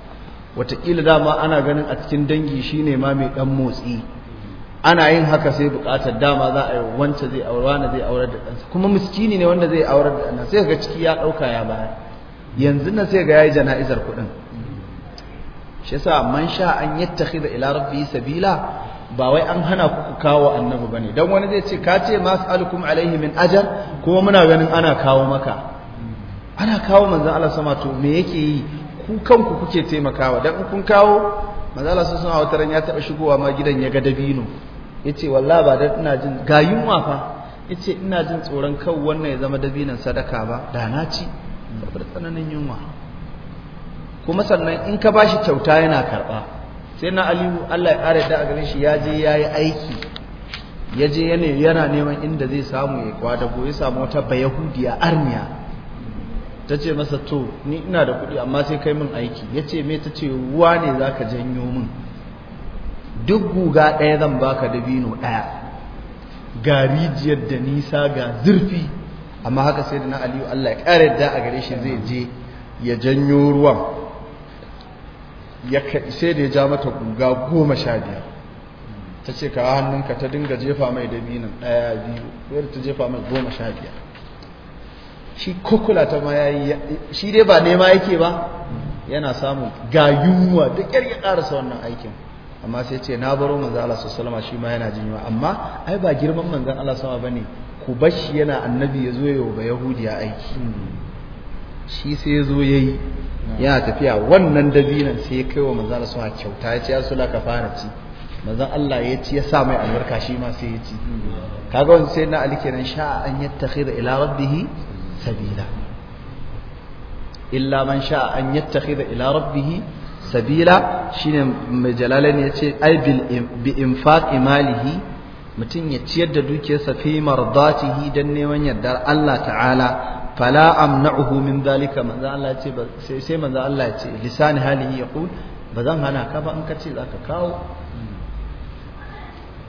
wataƙila dama ana ganin a cikin dangi shine ma mai dan motsi ana yin haka sai buƙatar dama za a yi wancan zai aure aurar da ɗansa kuma miskini ne wanda zai aurar da ɗansa sai kaga ciki ya ɗauka ya baya yanzu na sai ga yayi jana'izar kuɗin shi yasa man sha an yattakhidha ila rabbi sabila ba wai an hana ku kawo annabi bane dan wani zai ce ka ce mas'alukum alaihi min ajal kuma muna ganin ana kawo maka ana kawo manzon Allah sama to me yake yi ku kanku kuke taimakawa dan kun kawo manzon Allah sun sama wataran ya taba shigowa ma gidan ya ga dabino yace wallahi ba dan ina jin ga yunwa fa yace ina jin tsoron kawai wannan ya zama dabinan sadaka ba da na ci saboda tsananin yunwa kuma sannan in ka bashi kyauta yana karɓa sai na aliyu allah ya ƙara yadda a garin shi ya je ya yi aiki ya je yana neman inda zai samu ya kwa ko ya samu wata a Armiya. ta ce masa to ni ina da kuɗi amma sai kai min aiki ya ce me ta ce ruwa ne za ka janyo min duk guga ɗaya zan baka dabino ɗaya ga rijiyar da nisa ga zurfi amma haka sai da na aliyu Allah ya ƙara yadda a gare shi zai je ya janyo ruwan sai da ya ja mata guga goma sha biyar ta ce ka hannunka ta dinga jefa mai da minin ɗaya biyu wadda ta jefa mai goma sha biyar shi kokula ta ma yayi shi dai ba nema yake ba yana samun gayuwa duk da ƙyar ya ƙarasa wannan aikin amma sai ce na baro manzo Allah sallallahu alaihi wasallam shi ma yana jin yunwa amma ai ba girman manzon Allah sama bane ku bashi yana annabi ya zo ya ba ya aiki shi sai ya zo ya yi yana tafiya wannan dabinan sai ya kai wa manzan Allah suna kyauta ya ce ya sula ka fara ci manzan Allah ya ci ya sa mai albarka shi ma sai ya ci kaga wani sai na ali kenan sha an yattakhira ila rabbih sabila illa man sha an yattakhira ila rabbih sabila shine mai jalalain ya ce ai bi infaq malihi mutum ya ciyar da dukiyarsa fi mardatihi dan neman yardar Allah ta'ala fala amna'uhu min zalika manzo Allah ya ce sai sai manzo Allah ya ce lisan halihi yaqul bazan hana ka ba in ka ce zaka kawo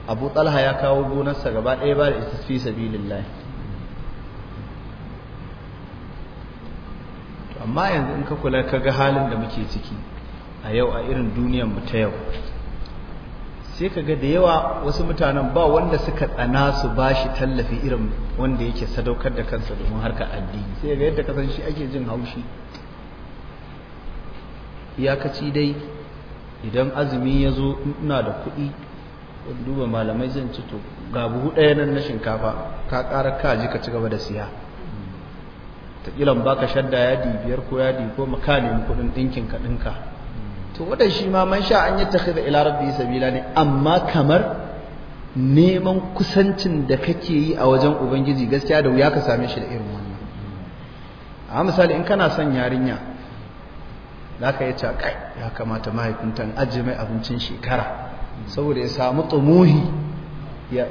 Abu Talha ya kawo gonarsa gaba ɗaya ba da ita fi sabilillah amma yanzu in ka kula ka ga halin da muke ciki a yau a irin duniyar mu ta yau sai ka ga da yawa wasu mutanen ba wanda suka tsana su ba shi tallafi irin wanda yake sadaukar da kansa domin harka addini sai ga yadda kasan shi ake jin haushi Ya kaci dai idan azumi ya zo ina da kuɗi duba malamai zan ci to ga buhu ɗaya nan na shinkafa ka ƙara kaji ka ci gaba da siya ta ƙilan baka shadda yadi biyar ko yadi ko maka nemi kuɗin ɗinkin ka ɗinka to wadan shi ma man sha an yi takhidha ila rabbi sabila ne amma kamar neman kusancin da kake yi a wajen ubangiji gaskiya da wuya ka same shi da irin wannan a misali in kana son yarinya za ka yi ta ya kamata mahaifinta in ajiye mai abincin shekara saboda ya samu tsumuhi ya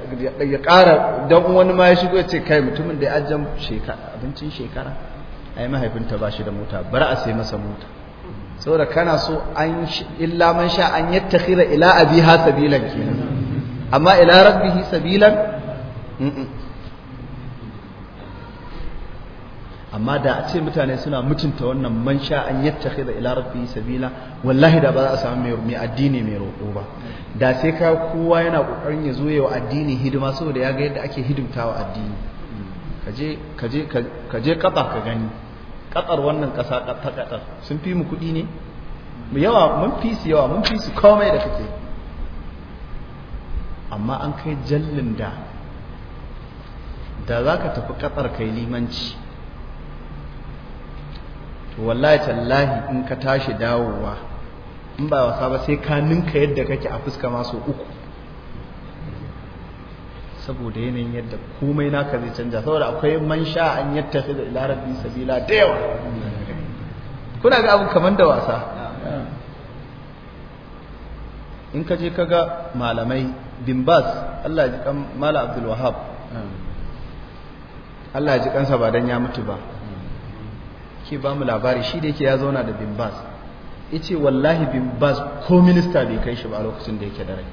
ƙara don wani ma ya shigo ya ce kai mutumin da ya ajiye abincin shekara a yi mahaifinta ba shi da mota bar a sai masa mota saboda kana so an illa man sha an yattakhira ila abiha sabilan kenan amma ila rabbihi sabilan amma da a ce mutane suna mutunta wannan man sha an yattakhira ila rabbihi sabila wallahi da ba za a samu mai addini mai roƙo ba da sai ka kowa yana kokarin ya zo wa addini hidima saboda ya ga yadda ake hidimtawa addini kaje kaje kaje kafa ka gani ƙasar wannan ƙasa ta ƙasar sun fi mu kuɗi ne yawa mun fi su yawa mun fi su komai da kake amma an kai jallin da da za ka tafi ƙasar kai limanci to wallahi tallahi in ka tashi dawowa in ba wasa ba sai ka ninka yadda kake a fuska masu uku saboda yanayin yadda komai naka zai canja saboda akwai man sha an yatta da ila rabbi sabila da yawa kuna ga abu kamar da wasa in ka je kaga malamai bin bas Allah ji kan mala abdul wahab Allah ji kansa ba dan ya mutu ba ke ba mu labari shi da yake ya zauna da bin bas yace wallahi bin bas ko minista bai kai shi ba lokacin da yake da rai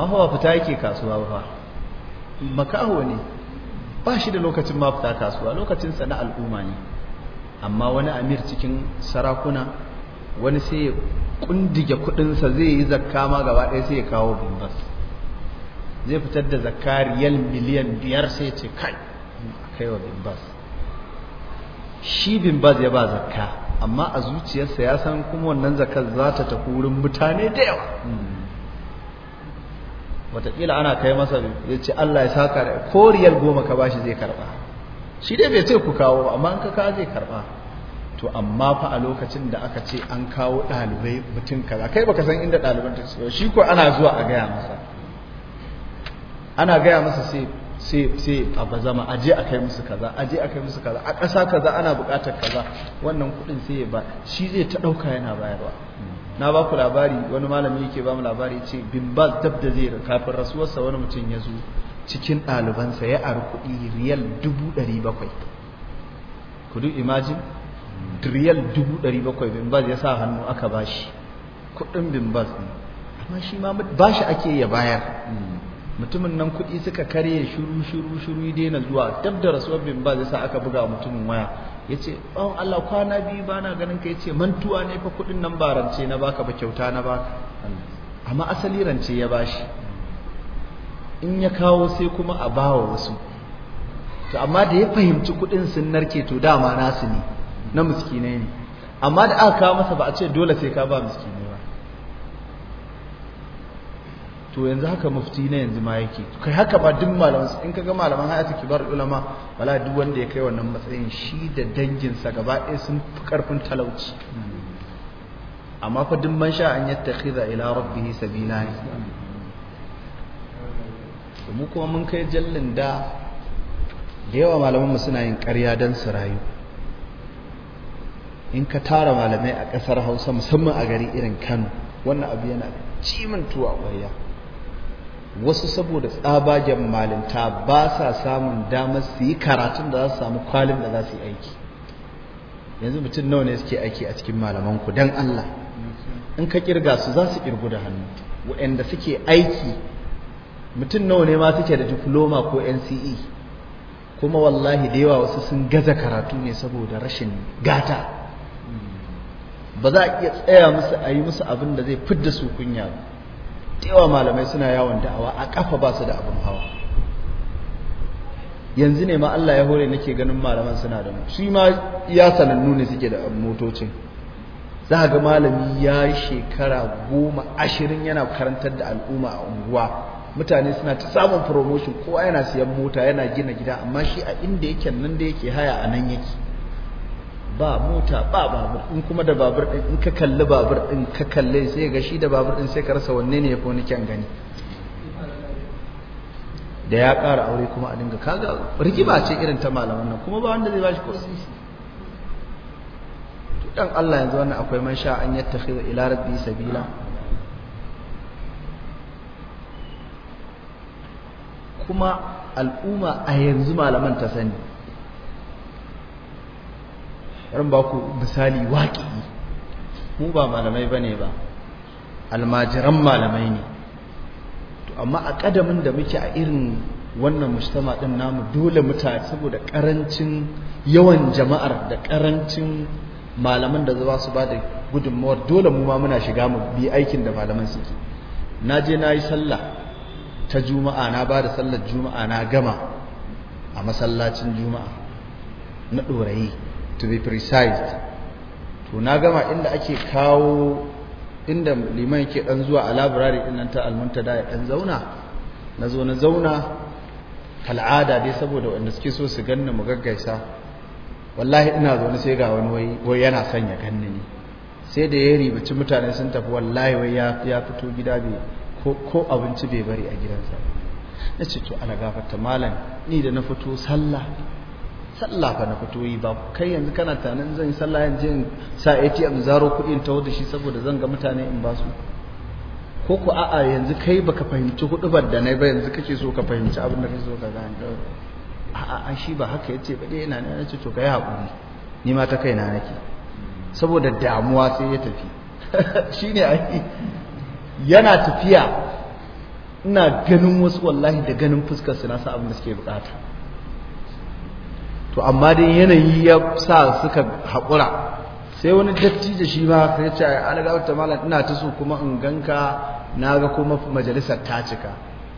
hawa fita yake kasuwa ba makaho ne ba shi da lokacin ma fita kasuwa lokacin sa na al'umma ne amma wani amir cikin sarakuna wani sai ya kundige kudinsa zai yi zakka ma gaba ɗaya sai ya kawo bimbas zai fitar da zakka riyal miliyan biyar sai ce kai a kai wa bimbas shi bimbas ya ba zakka amma a zuciyarsa ya san kuma wannan zakar za ta tafi wurin mutane da yawa hmm. wataƙila ana kai masa ya ce Allah ya saka da koriyar goma ka bashi zai karɓa shi dai bai ce ku kawo ba, amma an ka kawo zai karɓa to amma fa a lokacin da aka ce an kawo ɗalibai mutum kaza kai baka san inda ɗalibai ta suka shi ko ana zuwa a gaya masa ana gaya masa sai sai sai a bazama aje a kai musu kaza aje a kai musu kaza a ƙasa kaza ana buƙatar kaza wannan kuɗin sai ya ba shi zai ta ɗauka yana bayarwa na ba ku labari wani malami yake ba mu labari ce bin ba dab da zai kafin rasuwarsa wani mutum ya zo cikin ɗalibansa ya ari kuɗi riyal dubu ɗari bakwai ku duk imajin riyal dubu ɗari bakwai bin ya sa hannu aka ba shi kuɗin bin ne amma shi ma ba shi ake ya bayar mutumin nan kuɗi suka karye shuru shuru shuru daina zuwa dab da rasuwar bin ya sa aka buga mutumin waya ya ce ɓawon oh Allah kwana biyu ba na ganin ka ya ce mantuwa ne fa kuɗin nan ba rance na baka ba kyauta na baka amma asali rance ya bashi in ya kawo sai kuma a bawa wasu to amma da ya fahimci kudin sun narke to dama nasu ne na miskinai ne amma da aka kawo masa ba a ce dole sai ka ba miskinai to yanzu haka mufti na yanzu ma yake kai haka ba duk malaman in kaga malaman hayati kibar ulama wala duk wanda ya kai wannan matsayin shi da sa gaba ɗaya sun fi karfin talauci amma fa duk man sha an yattakhidha ila rabbih sabila mu kuma mun kai jallin da da yawa malaman mu suna yin ƙarya dan su rayu in ka tara malamai a ƙasar Hausa musamman a gari irin Kano wannan abu yana cimin tuwa ƙwarya wasu saboda tsabagen malinta ba sa samun damar su yi karatun da za su samu kwalin da za su yi aiki yanzu mutum nawa ne suke aiki a cikin malamanku don Allah in ka kirga su za su kirgu da hannu waɗanda suke aiki mutum nawa ne ma suke da diploma ko NCE kuma wallahi da yawa wasu sun gaza karatu ne saboda rashin gata ba za a iya tsaya musu a yi musu abin da zai fidda su kunya ba dewa malamai suna yawon da'awa a kafa ba su da abin hawa yanzu ne ma Allah ya hore nake ganin malaman suna da mu shi ma ya sanannu ne suke da motocin za ga malami ya yi shekara goma ashirin yana karantar da al'umma a unguwa mutane suna ta samun promotion kowa yana siyan mota yana gina gida amma shi a inda yake nan da yake haya a nan yake ba mota ba babur in kuma da babur din in ka kalli babur din ka kalle sai ga shi da babur din sai ka rasa wanne ne yafi wani kyan gani da ya ƙara aure kuma a dinga kaga rigiba ce irin ta malaman nan kuma ba wanda zai bashi ko sisi to dan Allah yanzu wannan akwai man sha an yattakhidha ila rabbi sabila kuma al'umma a yanzu malaman ta sani ran ba ku misali waƙi mu ba malamai bane ba almajiran malamai ne to amma a kadamin da muke a irin wannan mujtama ɗin namu dole mutane saboda ƙarancin yawan jama'ar da ƙarancin malaman da za su ba da gudunmawar dole mu ma muna shiga mu bi aikin da malaman suke na je na yi sallah ta juma'a na ba da sallar juma'a na gama a masallacin juma'a na ɗoraye to be precise to na gama inda ake kawo inda liman yake dan zuwa a library din nan ta almuntada ya dan zauna na zo na zauna kal'ada dai saboda wanda suke so su ganna mu gaggaisa wallahi ina zaune sai ga wani wai yana son ya ganni ne sai da ya ribaci mutane sun tafi wallahi wai ya fito gida bai ko abinci bai bari a gidansa nace to ana gafarta malam ni da na fito sallah sallah fa na fito yi ba kai yanzu kana tunanin zan yi sallah yanzu in sa ATM zaro kuɗin ta da shi saboda zan ga mutane in ba su ko ku a'a yanzu kai baka fahimci hudubar da nayi ba yanzu kake so ka fahimci abin da kake so ka gane a'a shi ba haka yace ba dai eh, ina ne ce to kai hakuri ni ma ta kaina nake saboda damuwa sai ya tafi shine ai yana tafiya ina ganin wasu wallahi da ganin fuskar su na sa abin da suke bukata to amma dai yanayi ya sa suka haƙura sai wani dattijo shi ma ya ce a an gawar ta malam ina ta so kuma in ganka na ga kuma majalisar ta cika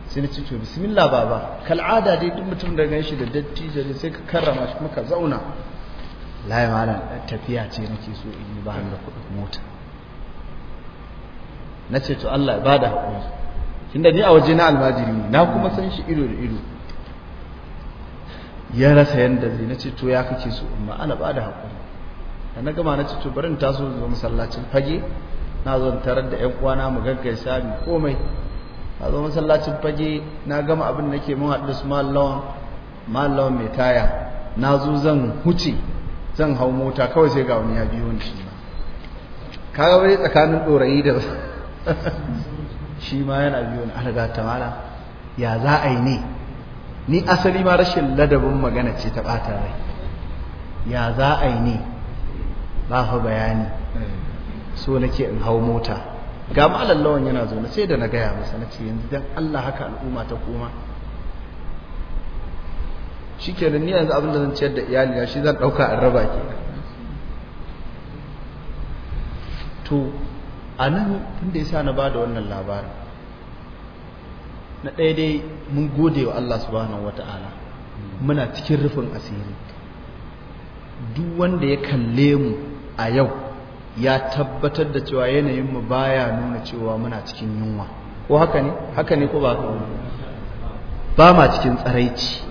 sai na ce bismillah baba kal'ada dai duk mutum da gan shi da dattijo ne sai ka karrama shi kuma ka zauna layi malam tafiya ce nake so in yi ba da kuɗin mota na ce to Allah ba da haƙuri tunda ni a waje na almajiri na kuma san shi ido da ido ya rasa yanda zai na ce to ya kake so amma ana ba da hakuri da na gama na ce to bari taso zuwa masallacin fage na zo tarar da 'yan uwana mu gaggaisa mu komai na zo masallacin fage na gama abin da nake mun haɗu da su mallawan mallawan mai taya na zo zan huce zan hau mota kawai sai ga wani ya biyo ni shi ma kaga bai tsakanin ɗorayi da shi ma yana biyo ni alaga ta mala ya za a yi ne ni asali ma rashin ladabin magana ce ta bata rai ya za a yi ne ba fa bayani so nake in hau mota ga Lawan yana zo na sai da na gaya masa na ce yanzu Dan Allah haka al'umma ta koma shi ni yanzu abinda zan ciyar da iyalina shi zan ɗauka in raba ke to a nan tunda ya sa na ba da wannan labarin na ɗaya dai mun gode wa Allah subhanahu ta'ala, muna cikin rufin asiri duk wanda ya kalle mu a yau ya tabbatar da cewa yanayin mu baya nuna cewa muna cikin yunwa ko haka ne haka ne ko ba haka ba ma cikin tsaraici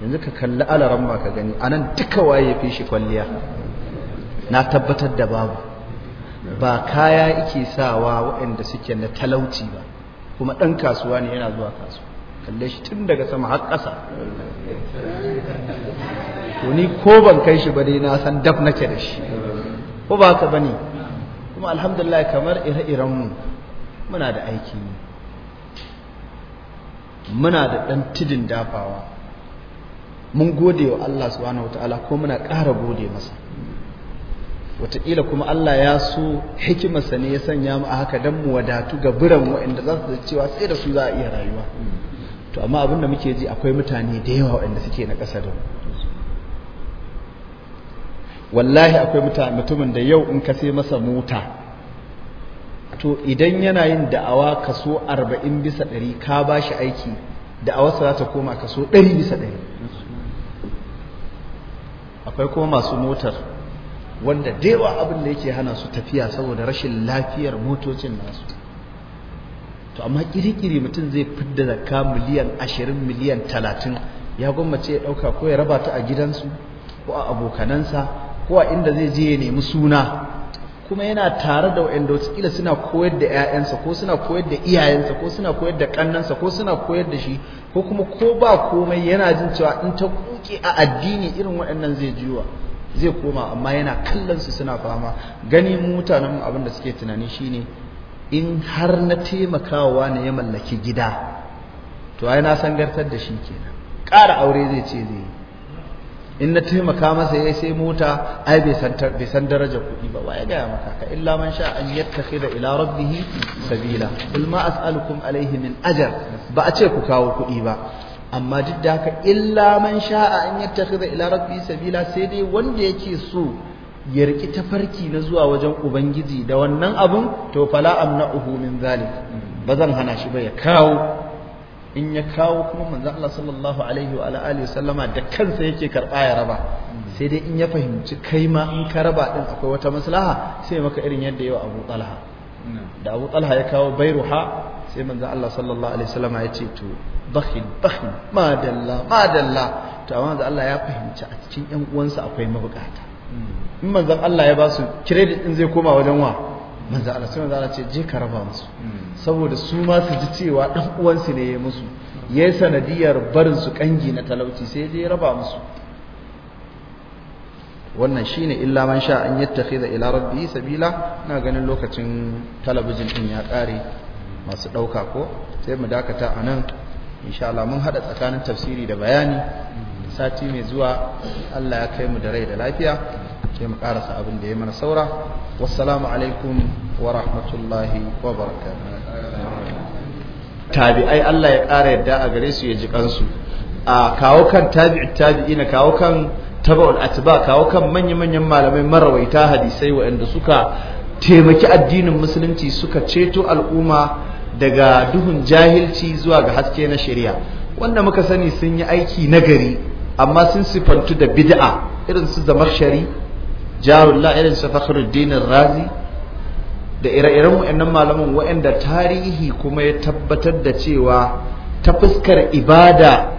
yanzu ka kalli alaran ma ka gani anan duka waye fi shi kwalliya na tabbatar da babu ba kaya ike sawa waɗanda suke na talauci ba kuma ɗan kasuwa ne yana zuwa kasuwa kalle shi tun daga sama har ƙasa to ni ko ban kai shi ba dai na san daf nake da shi ko ba ka bane kuma alhamdulillah kamar ire-iren mu muna da aiki ne muna da ɗan tudin dafawa mun gode wa Allah subhanahu wataala ko muna ƙara gode masa wataƙila kuma Allah ya so hikimarsa ne ya sanya mu a haka don mu wadatu ga biran waɗanda za su cewa sai da su za a iya rayuwa hmm. to amma abin da muke ji akwai mutane da yawa waɗanda suke na ƙasa da wallahi akwai mutumin da yau in ka sai masa mota to idan yana yin da'awa kaso arba'in bisa ɗari ka ba shi aiki da'awarsa za ta koma kaso ɗari bisa ɗari akwai kuma masu motar wanda dewa abin da yake hana su tafiya saboda rashin lafiyar motocin nasu to amma kirikiri mutum zai fidda zakka miliyan ashirin miliyan talatin ya gwammace ya ɗauka ko ya raba ta a gidansu ko a abokanansa ko a inda zai je ya nemi suna kuma yana tare da wa'anda kila suna koyar da 'ya'yansa ko suna koyar da iyayensa ko suna koyar da ƙannansa ko suna koyar da shi ko kuma ko ba komai yana jin cewa in ta kuke a addini irin waɗannan zai jiwa zai koma amma yana kallon su suna fama gani mutanen abin da suke tunani shine in har na taimakawa ne ya mallaki gida to ai na san gartar da shi kenan ƙara aure zai ce zai in na taimaka masa ya sai mota ai bai san darajar kuɗi ba Wa ya gaya maka ka illa man sha an yattakhidha ila rabbihi sabila kul ma as'alukum alaihi min ajar ba a ce ku kawo kuɗi ba amma duk da haka illa man sha'a an yattakhidha ila rabbi sabila sai dai wanda yake so ya riki tafarki na zuwa wajen ubangiji da wannan abun to fala amna'uhu min zalik bazan hana shi ba ya kawo in ya kawo kuma manzo Allah sallallahu alaihi wa alihi sallama da kansa yake karba ya raba sai dai in ya fahimci kai ma in ka raba din akwai wata maslaha sai maka irin yadda yau Abu Talha da abu talha ya kawo bairuha sai manzo Allah sallallahu alaihi wasallam ya ce to bakhil bakhil madalla madalla to amma manzo Allah ya fahimci a cikin ƴan uwansa akwai mabukata in manzo Allah ya ba su credit din zai koma wajen wa manzo Allah sai manzo Allah ce je ka raba musu saboda su ma su ji cewa dan uwansu ne ya musu yayi sanadiyar barin su kangi na talauci sai je raba musu wannan shine illa man sha an yattakhidha ila rabbihi sabila na ganin lokacin talabijin din ya kare masu dauka ko sai mu dakata anan insha Allah mun hada tsakanin tafsiri da bayani sati mai zuwa Allah ya kai mu da rai da lafiya sai mu karasa abin da ya mana saura wassalamu alaikum wa rahmatullahi wa barakatuh ai Allah ya kara yadda a gare su ya ji kansu a kawo kan tabi'i tabi'ina kawo kan tabaul atba kawo kan manya-manyan malamai marawaita hadisai waɗanda suka taimaki addinin musulunci suka ceto al'umma daga duhun jahilci zuwa ga haske na shari'a wanda muka sani sun yi aiki nagari amma sun sifantu da bid'a irin su zamakshari jarullah irin su fakhruddin razi da ire-iren waɗannan malaman waɗanda tarihi kuma ya tabbatar da cewa ta fuskar ibada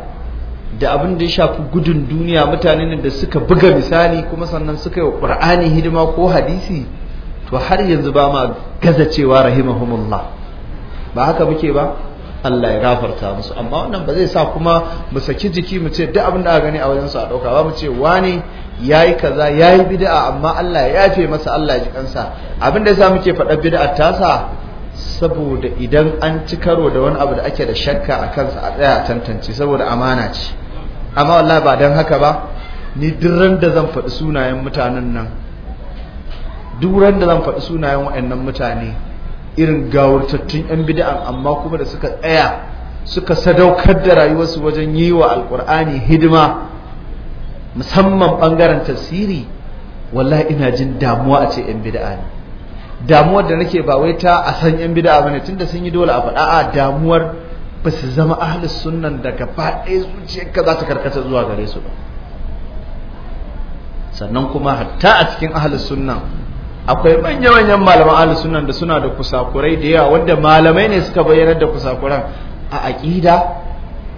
da abin da ya shafi gudun duniya mutane ne da suka buga misali kuma sannan suka yi wa ƙur'ani hidima ko hadisi to har yanzu ba ma gaza cewa rahimahumullah ba haka muke ba Allah ya gafarta musu amma wannan ba zai sa kuma mu saki jiki mu ce duk abin da aka gani a wajen su a dauka ba mu ce wani yayi kaza yayi bid'a amma Allah ya yafe masa Allah ya ji kansa abin da yasa muke faɗa bid'a tasa saboda idan an ci karo da wani abu da ake da shakka a kansa a tsaya tantance saboda amana ce amma wallahi ba don haka ba ni duran da zan faɗi sunayen mutanen nan duran da zan faɗi sunayen waɗannan mutane irin gawurtattun 'yan bid'an amma kuma da suka tsaya suka sadaukar da rayuwarsu wajen yi wa alƙur'ani hidima musamman ɓangaren tasiri. wallahi ina jin damuwa a ce 'yan bid'a ne damuwar da nake ba wai ta a san 'yan bid'a bane tunda sun yi dole a faɗa a damuwar ba su zama ahlus sunan daga faɗe zuciyarka za ta karkata zuwa gare su ba sannan kuma hatta a cikin ahlus sunan akwai manya-manyan malaman ahlus sunan da suna da kusakurai da yawa wanda malamai ne suka bayyana da kusakuran a aƙida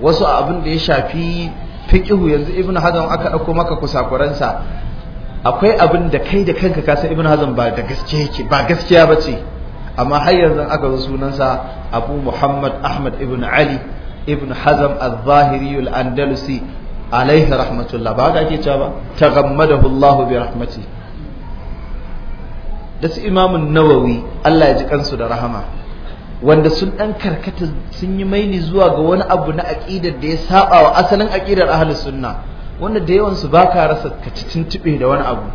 wasu abin da ya shafi fiƙihu yanzu ibn hazan aka ɗauko maka kusakuransa akwai abin da kai da kanka ka san hazan ba gaskiya yake ba gaskiya amma har yanzu aka zo sunansa abu muhammad ahmad ibn ali ibn hazam al-zahiri al-andalusi alaihi rahmatullah ba ka ake cewa ba taghammadahu Allah bi rahmati da su imamun nawawi Allah ya ji kansu da rahama wanda sun dan karkata sun yi maini zuwa ga wani abu na aqidar da ya saba wa asalin aqidar ahlus sunna wanda da yawan su baka rasa ka tube da wani abu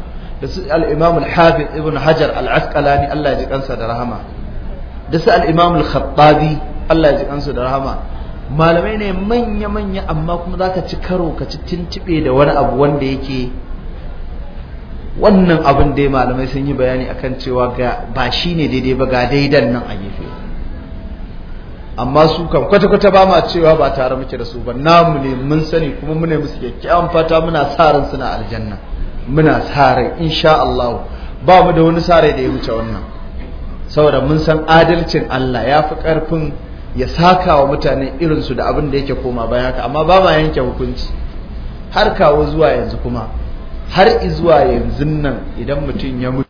da su al’imamul hafiz ibn hajar alaskalani asqalani Allah ya ji kansa da rahama da su al’imamul Allah ya ji kansa da rahama malamai ne manya manya amma kuma za ka ci karo ka ci tintibe da wani abu wanda yake wannan abin dai malamai sun yi bayani akan cewa ba shi ne daidai ba ga daidan nan a gefe amma su kan kwata-kwata ba ma cewa ba tare muke da su ba namu ne mun sani kuma mune musu kyakkyawan fata muna sa ran suna aljanna muna sare insha Allah ba mu da wani sare da ya wuce wannan saboda mun san adalcin Allah ya fi karfin ya saka wa mutane irinsu da abin da yake koma bayan haka amma ba ma yanke hukunci har kawo zuwa yanzu kuma har zuwa yanzu nan idan mutum ya mutu